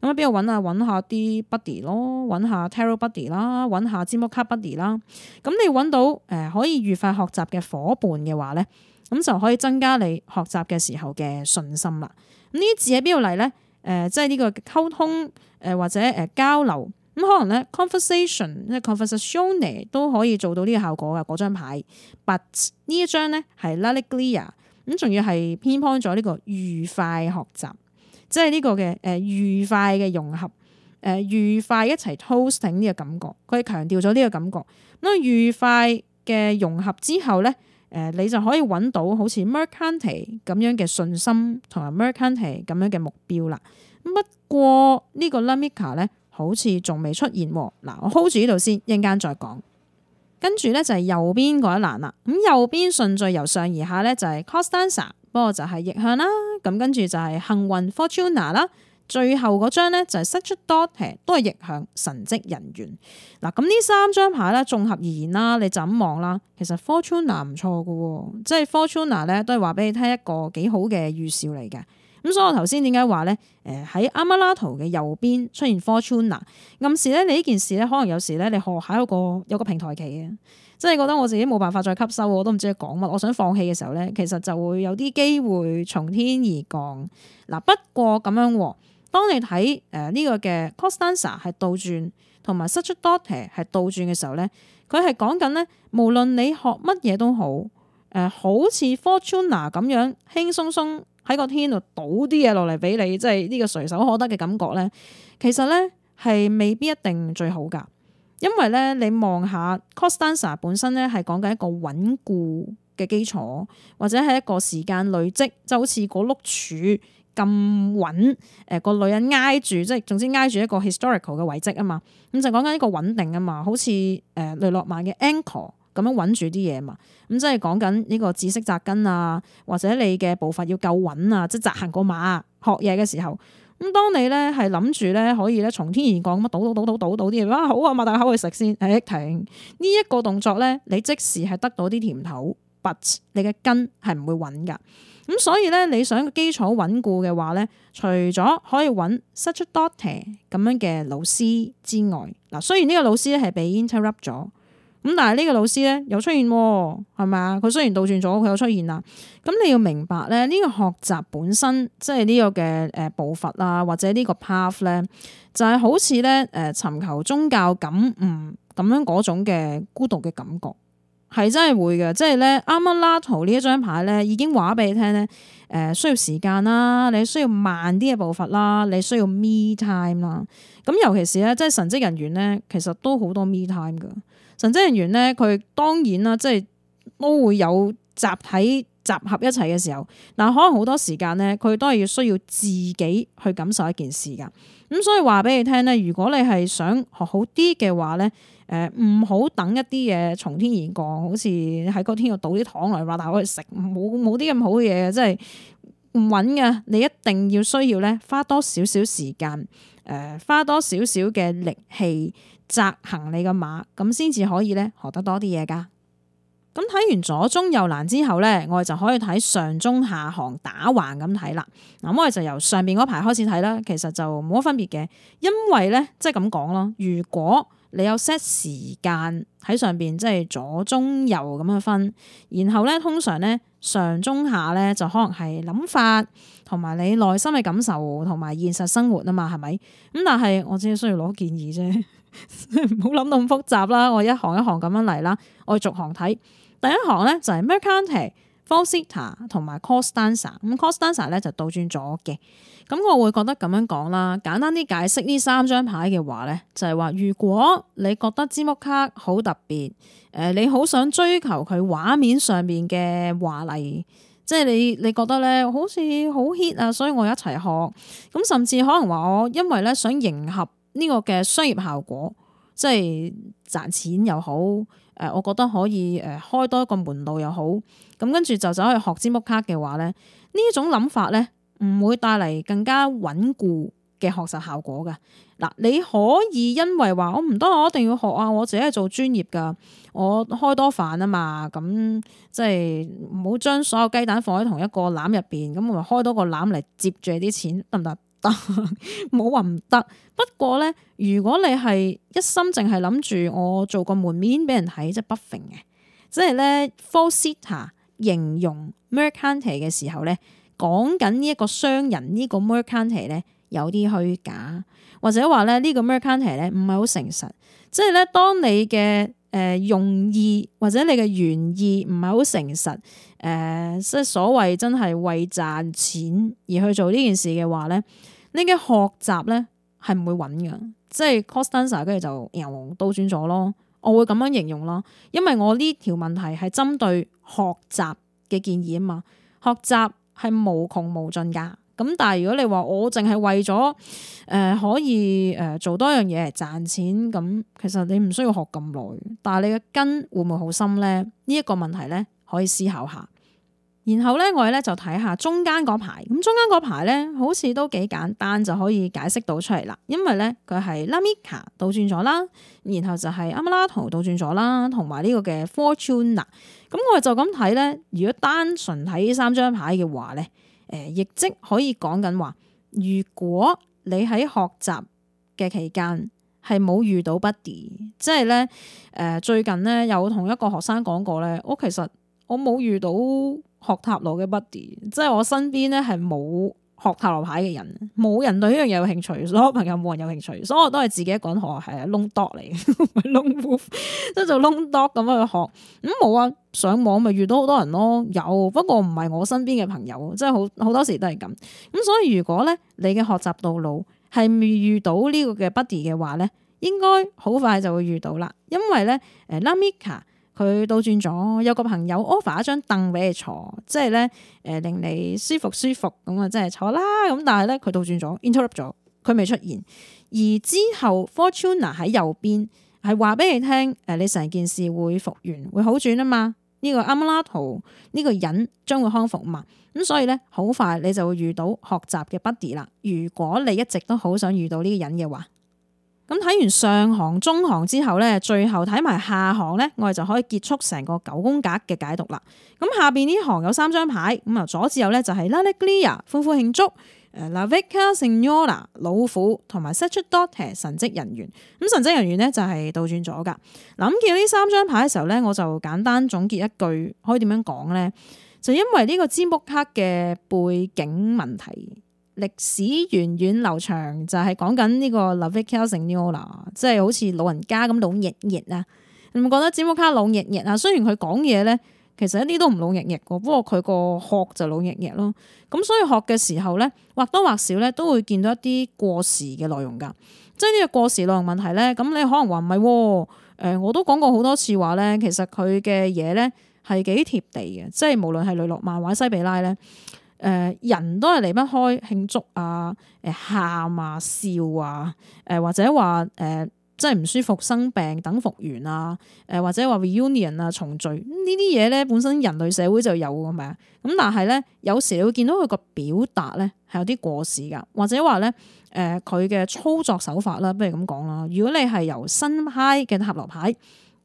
咁喺邊度揾啊？揾下啲 buddy 咯，揾下 Tarot buddy 啦，揾下 Jumbo card buddy 啦。咁你揾到誒、呃、可以愉快學習嘅伙伴嘅話咧？咁就可以增加你學習嘅時候嘅信心啦。咁呢啲字喺邊度嚟咧？誒，即係呢個溝通誒、呃、或者誒、呃、交流咁、嗯、可能咧 conversation 即 conversation 都、e，可以做到呢個效果噶。嗰張牌，but 呢一張咧係 l i l y clear，咁仲要係偏旁咗呢個愉快學習，即係呢個嘅誒愉快嘅融合，誒愉快一齊 toasting 呢個感覺，佢強調咗呢個感覺。咁、那個、愉快嘅融合之後咧。誒，你就可以揾到好似 Mercanti 咁樣嘅信心，同埋 Mercanti 咁樣嘅目標啦。不過呢個 Lamica 咧，好似仲未出現喎。嗱，我 hold 住呢度先，一陣間再講。跟住咧就係右邊嗰一欄啦。咁右邊順序由上而下咧就係 Costanza，不過就係逆向啦。咁跟住就係幸運 Fortuna 啦。最後嗰張咧就係 s e t h dot，都係逆向神職人員。嗱，咁呢三張牌呢，綜合而言啦，你就咁望啦。其實 Fortuner，啊唔錯嘅，即係 Fortuner 呢，都係話俾你聽一個幾好嘅預兆嚟嘅。咁所以我頭先點解話呢？誒喺啱啱拉圖嘅右邊出現 Fortuner, 啊，暗示呢你呢件事呢，可能有時呢，你學下一個有一個平台期嘅，即係覺得我自己冇辦法再吸收，我都唔知佢講乜，我想放棄嘅時候呢，其實就會有啲機會從天而降。嗱，不過咁樣喎。當你睇誒呢個嘅 Costanza 係倒轉，同埋失出 daughter 係倒轉嘅時候咧，佢係講緊咧，無論你學乜嘢都好，誒好似 Fortuna 咁樣輕鬆鬆喺個天度倒啲嘢落嚟俾你，即係呢個隨手可得嘅感覺咧，其實咧係未必一定最好噶，因為咧你望下 Costanza 本身咧係講緊一個穩固嘅基礎，或者係一個時間累積，就係、好似嗰碌柱。咁穩，誒個女人挨住，即係總之挨住一個 historical 嘅遺跡啊嘛，咁就講緊呢個穩定啊嘛，好似誒雷諾曼嘅 anchor 咁樣穩住啲嘢嘛，咁即係講緊呢個知識扎根啊，或者你嘅步伐要夠穩啊，即係扎行個馬學嘢嘅時候，咁當你咧係諗住咧可以咧從天而降咁啊，倒倒倒倒倒啲嘢，好啊，擘大口去食先，誒停，呢一個動作咧，你即使係得到啲甜頭，but 你嘅根係唔會穩㗎。咁所以咧，你想基礎穩固嘅話咧，除咗可以揾 such a doctor 咁樣嘅老師之外，嗱雖然呢個老師咧係被 interrupt 咗，咁但係呢個老師咧有出現，係咪啊？佢雖然倒轉咗，佢有出現啦。咁你要明白咧，呢個學習本身即係呢個嘅誒步伐啦，或者呢個 path 咧，就係好似咧誒尋求宗教感悟咁樣嗰種嘅孤獨嘅感覺。係真係會嘅，即係咧，啱啱拉圖呢一張牌咧，已經話俾你聽咧，誒、呃，需要時間啦，你需要慢啲嘅步伐啦，你需要 me time 啦。咁尤其是咧，即係神職人員咧，其實都好多 me time 噶神職人員咧，佢當然啦，即係都會有集體集合一齊嘅時候，但可能好多時間咧，佢都係要需要自己去感受一件事噶。咁所以話俾你聽咧，如果你係想學好啲嘅話咧。誒唔好等一啲嘢從天而降，好似喺個天度倒啲糖落嚟揦但我去食，冇冇啲咁好嘅嘢嘅，真係唔穩嘅。你一定要需要咧，花多少少時間，誒、呃，花多少少嘅力氣，紮行你嘅馬，咁先至可以咧學得多啲嘢噶。咁睇完左中右難之後咧，我哋就可以睇上中下行打橫咁睇啦。嗱，我哋就由上面嗰排開始睇啦。其實就冇乜分別嘅，因為咧即係咁講咯，如果你有 set 時間喺上邊，即係左中右咁樣分，然後咧通常咧上中下咧就可能係諗法同埋你內心嘅感受同埋現實生活啊嘛，係咪？咁但係我只係需要攞建議啫，唔好諗到咁複雜啦。我一行一行咁樣嚟啦，我要逐行睇。第一行咧就係咩卡題？Four Sitter 同埋 Costancer，咁、嗯、Costancer 咧就倒轉咗嘅。咁、嗯、我會覺得咁樣講啦。簡單啲解釋呢三張牌嘅話咧，就係、是、話如果你覺得芝木卡好特別，誒、呃、你好想追求佢畫面上面嘅華麗，即係你你覺得咧好似好 hit 啊，所以我一齊學咁、嗯，甚至可能話我因為咧想迎合呢個嘅商業效果，即係賺錢又好。誒，我覺得可以誒，開多一個門路又好。咁跟住就走去學支木卡嘅話咧，呢種諗法咧唔會帶嚟更加穩固嘅學習效果㗎。嗱。你可以因為話我唔得，哦、我一定要學啊！我自己係做專業噶，我開多份啊嘛。咁即係唔好將所有雞蛋放喺同一個籃入邊。咁我咪開多個籃嚟接住啲錢，得唔得？得，冇話唔得。不過咧，如果你係一心淨係諗住我做個門面俾人睇，即係不 u 嘅，即係咧 falsita 形容 mercante 嘅時候咧，講緊呢一個商人呢個 mercante 咧有啲虛假，或者話咧呢個 mercante 咧唔係好誠實，即係咧當你嘅。誒、呃，用意，或者你嘅原意唔係好誠實，誒、呃，即係所謂真係為賺錢而去做呢件事嘅話咧，呢個學習咧係唔會穩嘅，即係 c o s t a n t a 跟住就又倒轉咗咯。我會咁樣形容咯，因為我呢條問題係針對學習嘅建議啊嘛，學習係無窮無盡噶。咁但係如果你話我淨係為咗誒、呃、可以誒、呃、做多樣嘢嚟賺錢，咁其實你唔需要學咁耐，但係你嘅根會唔會好深呢？呢、這、一個問題呢，可以思考下。然後呢，我哋咧就睇下中間嗰排，咁中間嗰排呢，好似都幾簡單就可以解釋到出嚟啦。因為呢，佢係拉米卡倒轉咗啦，然後就係啱啱啦圖倒轉咗啦，同埋呢個嘅 Fortuna。咁我哋就咁睇呢，如果單純睇三張牌嘅話呢。誒亦即可以講緊話，如果你喺學習嘅期間係冇遇到 Buddy，即係咧誒、呃、最近咧有同一個學生講過咧，我、哦、其實我冇遇到學塔羅嘅 Buddy，即係我身邊咧係冇學塔羅牌嘅人，冇人對呢樣嘢有興趣，所有朋友冇人有興趣，所以我都係自己一個人學，係 long dog 嚟，唔 係 long wolf，即 係做 long dog 咁去學，咁、嗯、冇啊，上網咪遇到好多人咯，有，不過唔係我身邊嘅朋友，即係好好多時都係咁，咁、嗯、所以如果咧你嘅學習道路係未遇到呢個嘅 buddy 嘅話咧，應該好快就會遇到啦，因為咧誒、呃、Lamika 佢倒轉咗，有個朋友 offer 一張凳俾你坐，即係咧誒令你舒服舒服咁啊，即係坐啦咁。但係咧佢倒轉咗，interrupt 咗，佢未出現。而之後 Fortuna 喺右邊係話俾你聽，誒你成件事會復原，會好轉啊嘛。呢、這個 Amalato 呢個人將會康復嘛。咁所以咧好快你就會遇到學習嘅 buddy 啦。如果你一直都好想遇到呢個人嘅話。咁睇完上行、中行之後咧，最後睇埋下行咧，我哋就可以結束成個九宮格嘅解讀啦。咁下邊呢行有三張牌，咁由左至右咧就係 L'Allegria 歡呼慶祝，Lavica Signora 老虎同埋 Sacerdote 神職人員。咁神職人員咧就係倒轉咗噶。諗見呢三張牌嘅時候咧，我就簡單總結一句，可以點樣講咧？就因為呢個占卜卡嘅背景問題。歷史源遠流長，就係講緊呢個 Ludvig Kelseniola，即係好似老人家咁老逆逆啊！你唔覺得詹姆斯卡老逆逆啊？雖然佢講嘢咧，其實一啲都唔老逆逆嘅，不過佢個學就老逆逆咯。咁所以學嘅時候咧，或多或少咧都會見到一啲過時嘅內容噶。即係呢個過時內容問題咧，咁你可能話唔係喎？誒，我都講過好多次話咧，其實佢嘅嘢咧係幾貼地嘅，即係無論係雷諾曼或者西比拉咧。誒、呃、人都係離不開慶祝啊、誒、呃、喊啊、笑啊、誒、呃、或者話誒、呃、真係唔舒服、生病等復原啊、誒、呃、或者話 reunion 啊、重聚呢啲嘢咧，本身人類社會就有㗎嘛。咁但係咧，有時你會見到佢個表達咧係有啲過時㗎，或者話咧誒佢嘅操作手法啦，不如咁講啦。如果你係由新派嘅塔羅牌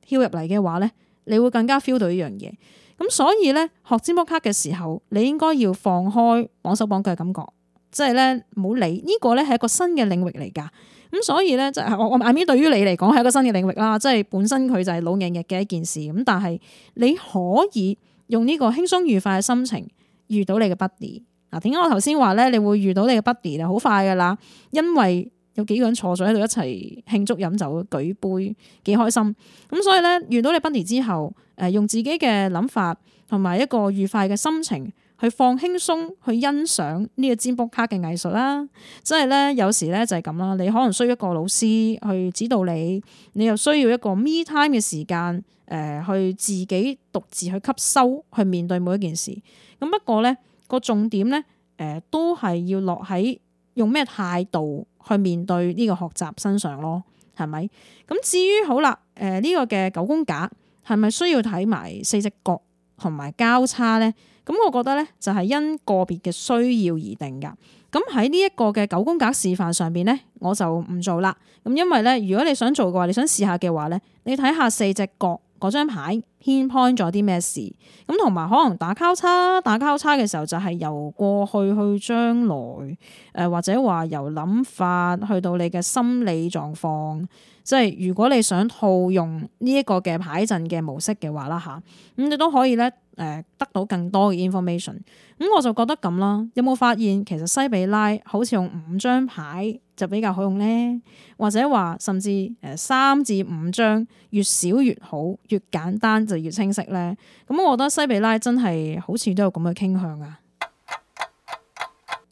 跳入嚟嘅話咧，你會更加 feel 到呢樣嘢。咁所以咧，學占卜卡嘅時候，你應該要放開綁手綁腳嘅感覺，即係咧，唔好理呢個咧係一個新嘅領域嚟噶。咁所以咧，就係我我 I mean 對於你嚟講係一個新嘅領域啦。即係本身佢就係老硬硬嘅一件事。咁但係你可以用呢個輕鬆愉快嘅心情遇到你嘅 buddy。嗱，點解我頭先話咧，你會遇到你嘅 buddy 啊？好快噶啦，因為。有幾個人坐咗喺度一齊慶祝飲酒舉杯，幾開心。咁所以呢，遇到你 Bunny 之後，誒，用自己嘅諗法同埋一個愉快嘅心情去放輕鬆，去欣賞呢個占卜卡嘅藝術啦。即係呢，有時呢就係咁啦。你可能需要一個老師去指導你，你又需要一個 me time 嘅時間，誒，去自己獨自去吸收，去面對每一件事。咁不過呢，個重點呢，誒、呃，都係要落喺。用咩態度去面對呢個學習身上咯，係咪？咁至於好啦，誒、呃、呢、呢個嘅九宮格係咪需要睇埋四隻角同埋交叉呢？咁我覺得呢，就係、係、因個別嘅需要而定㗎。咁喺呢一個嘅九宮格示範上邊呢，我就唔做啦。咁因為呢，如果你想做嘅話，你想試下嘅話呢，你睇下四隻角。嗰張牌偏 point 咗啲咩事？咁同埋可能打交叉，打交叉嘅時候就係由過去去將來，誒、呃、或者話由諗法去到你嘅心理狀況。即、就、係、是、如果你想套用呢一個嘅牌陣嘅模式嘅話啦，吓、啊，咁你都可以咧誒、呃、得到更多嘅 information。咁、嗯、我就覺得咁啦。有冇發現其實西比拉好似用五張牌？就比較好用咧，或者話甚至誒三至五張，越少越好，越簡單就越清晰咧。咁我覺得西比拉真係好似都有咁嘅傾向啊。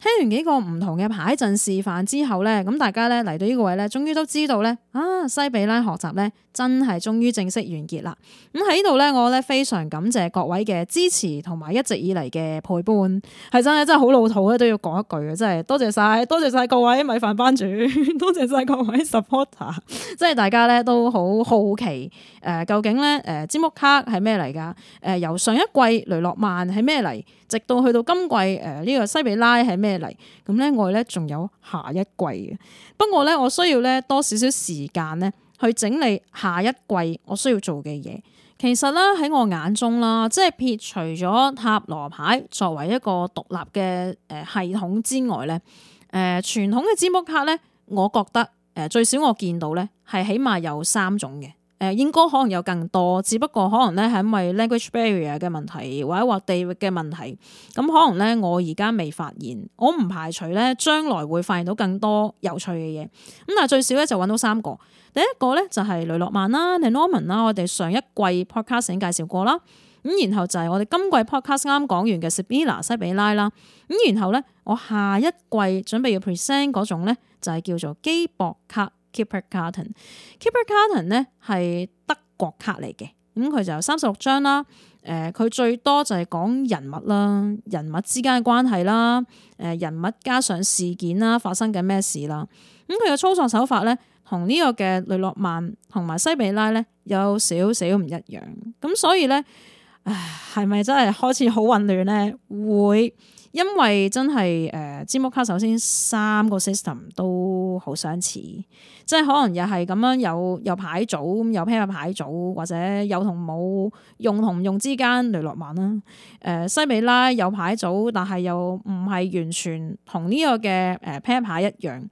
聽完幾個唔同嘅牌陣示範之後咧，咁大家咧嚟到呢個位咧，終於都知道咧啊，西比拉學習咧真係終於正式完結啦！咁喺呢度咧，我咧非常感謝各位嘅支持同埋一直以嚟嘅陪伴，係真係真係好老土啊！都要講一句啊，真係多謝晒，多謝晒各位米飯班主，多謝晒各位 supporter，即係大家咧都好好奇誒、呃，究竟咧誒占卜卡係咩嚟噶？誒、呃、由上一季雷諾曼係咩嚟？直到去到今季，誒、呃、呢、這個西比拉係咩嚟？咁、嗯、呢我咧仲有下一季嘅，不過呢，我需要咧多少少時間呢去整理下一季我需要做嘅嘢。其實咧喺我眼中啦，即係撇除咗塔羅牌作為一個獨立嘅誒系統之外呢，誒、呃、傳統嘅占卜卡呢，我覺得誒、呃、最少我見到呢係起碼有三種嘅。誒應該可能有更多，只不過可能咧係因為 language barrier 嘅問題，或者話地域嘅問題，咁可能咧我而家未發現，我唔排除咧將來會發現到更多有趣嘅嘢。咁但係最少咧就揾到三個，第一個咧就係雷諾曼啦、Lenorman 啦，我哋上一季 podcast 已經介紹過啦。咁然後就係我哋今季 podcast 啱講完嘅 Spina 西比拉啦。咁然後咧我下一季準備要 present 嗰種咧就係叫做基博卡。Keeper Carton，Keeper Carton 咧係德國卡嚟嘅，咁佢就三十六張啦，誒佢最多就係講人物啦，人物之間嘅關係啦，誒人物加上事件啦，發生緊咩事啦，咁佢嘅操作手法咧，同呢個嘅雷諾曼同埋西比拉咧有少少唔一樣，咁所以咧，唉，係咪真係開始好混亂咧？會？因為真係誒，資、呃、卡首先三個 system 都好相似，即係可能又係咁樣有有牌組，有 pair 牌組，或者有同冇用同唔用之間雷諾曼啦。誒、呃，西美拉有牌組，但係又唔係完全同呢個嘅誒 pair 牌一樣，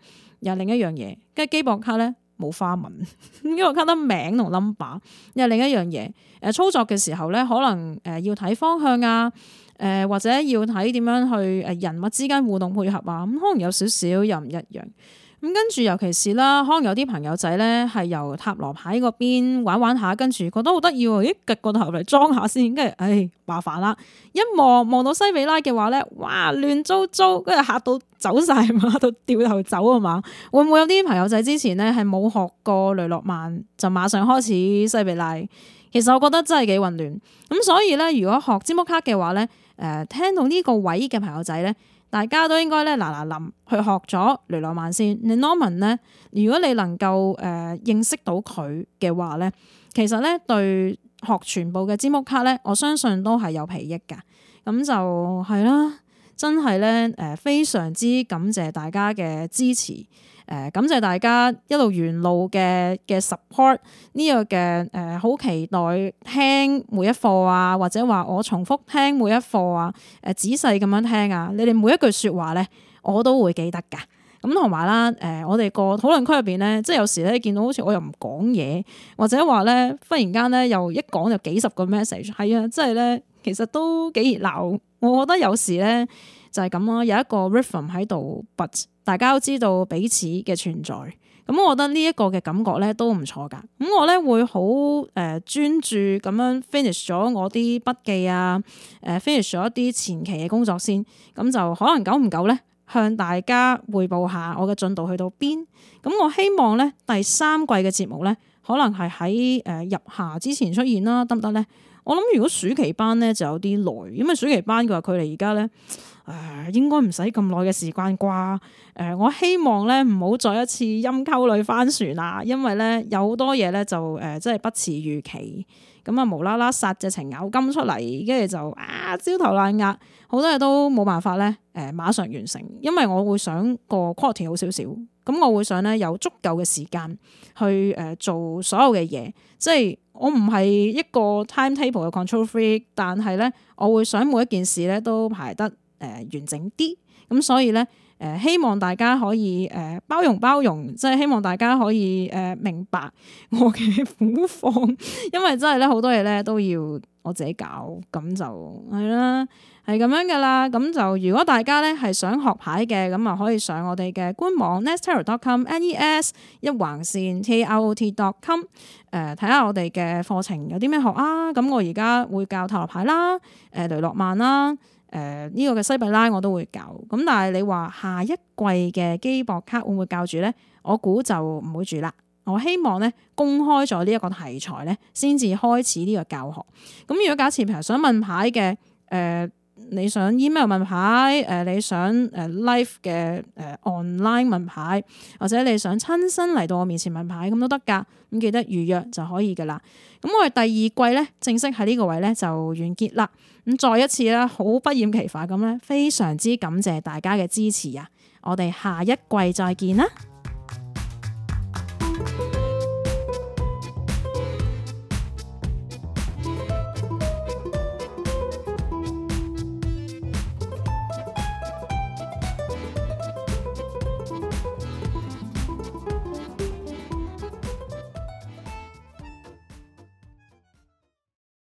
又另一樣嘢。跟住基博卡咧冇花紋，呢 個卡得名同 number 又另一樣嘢。誒，操作嘅時候咧，可能誒要睇方向啊。誒、呃、或者要睇點樣去誒人物之間互動配合啊，咁可能有少少又唔一樣。咁跟住尤其是啦，可能有啲朋友仔咧係由塔羅牌嗰邊玩玩下，跟住覺得好得意喎，咦，夾個頭嚟裝下先，跟住，唉、哎，麻煩啦！一望望到西比拉嘅話咧，哇，亂糟糟，跟住嚇到走晒，馬到掉頭走啊嘛！會唔會有啲朋友仔之前咧係冇學過雷諾曼，就馬上開始西比拉？其實我覺得真係幾混亂。咁所以咧，如果學尖摩卡嘅話咧，誒、呃、聽到呢個位嘅朋友仔呢，大家都應該呢，嗱嗱臨去學咗雷諾曼先。Norman 呢，如果你能夠誒、呃、認識到佢嘅話呢，其實呢對學全部嘅占卜卡呢，我相信都係有裨益㗎。咁就係啦。真係咧，誒非常之感謝大家嘅支持，誒感謝大家一路沿路嘅嘅 support 呢個嘅誒，好期待聽每一課啊，或者話我重複聽每一課啊，誒仔細咁樣聽啊，你哋每一句説話咧，我都會記得㗎。咁同埋啦，誒我哋個討論區入邊咧，即係有時咧你見到好似我又唔講嘢，或者話咧忽然間咧又一講就幾十個 message，係啊，即係咧。其實都幾熱鬧，我覺得有時咧就係咁咯，有一個 rhythm 喺度，but 大家都知道彼此嘅存在，咁我覺得呢一個嘅感覺咧都唔錯噶。咁我咧會好誒專注咁樣 finish 咗我啲筆記啊，誒 finish 咗一啲前期嘅工作先，咁就可能久唔久咧向大家匯報下我嘅進度去到邊。咁我希望咧第三季嘅節目咧可能係喺誒入夏之前出現啦，得唔得咧？我諗如果暑期班咧就有啲耐，因為暑期班嘅話佢哋而家咧，誒應該唔使咁耐嘅時間啩。誒我希望咧唔好再一次陰溝裏翻船啦，因為咧有好多嘢咧就誒即係不似預期，咁啊無啦啦殺隻程咬金出嚟，跟住就。焦頭爛額，好多嘢都冇辦法咧。誒，馬上完成，因為我會想個 quality 好少少，咁我會想咧有足夠嘅時間去誒做所有嘅嘢，即係我唔係一個 timetable 嘅 control freak，但係咧我會想每一件事咧都排得誒完整啲，咁所以咧。誒希望大家可以誒包容包容，即係希望大家可以誒明白我嘅苦況，因為真係咧好多嘢咧都要我自己搞，咁就係啦，係咁樣噶啦。咁就如果大家咧係想學牌嘅，咁啊可以上我哋嘅官網 n e s, nestarot dot com n e s 一橫線 t r o t dot com 誒睇下我哋嘅課程有啲咩學啊？咁我而家會教塔羅牌啦，誒雷諾曼啦。誒呢、呃呢個嘅西比拉我都會教，咁但係你話下一季嘅基博卡會唔會教住呢？我估就唔會住啦。我希望咧公開咗呢一個題材咧，先至開始呢個教學。咁如果假設譬如想問牌嘅誒。呃你想 email 問牌，誒你想誒 live 嘅誒 online 問牌，或者你想親身嚟到我面前問牌咁都得㗎，咁記得預約就可以㗎啦。咁我哋第二季咧正式喺呢個位咧就完結啦。咁再一次啦，好不厭其煩咁咧，非常之感謝大家嘅支持啊！我哋下一季再見啦～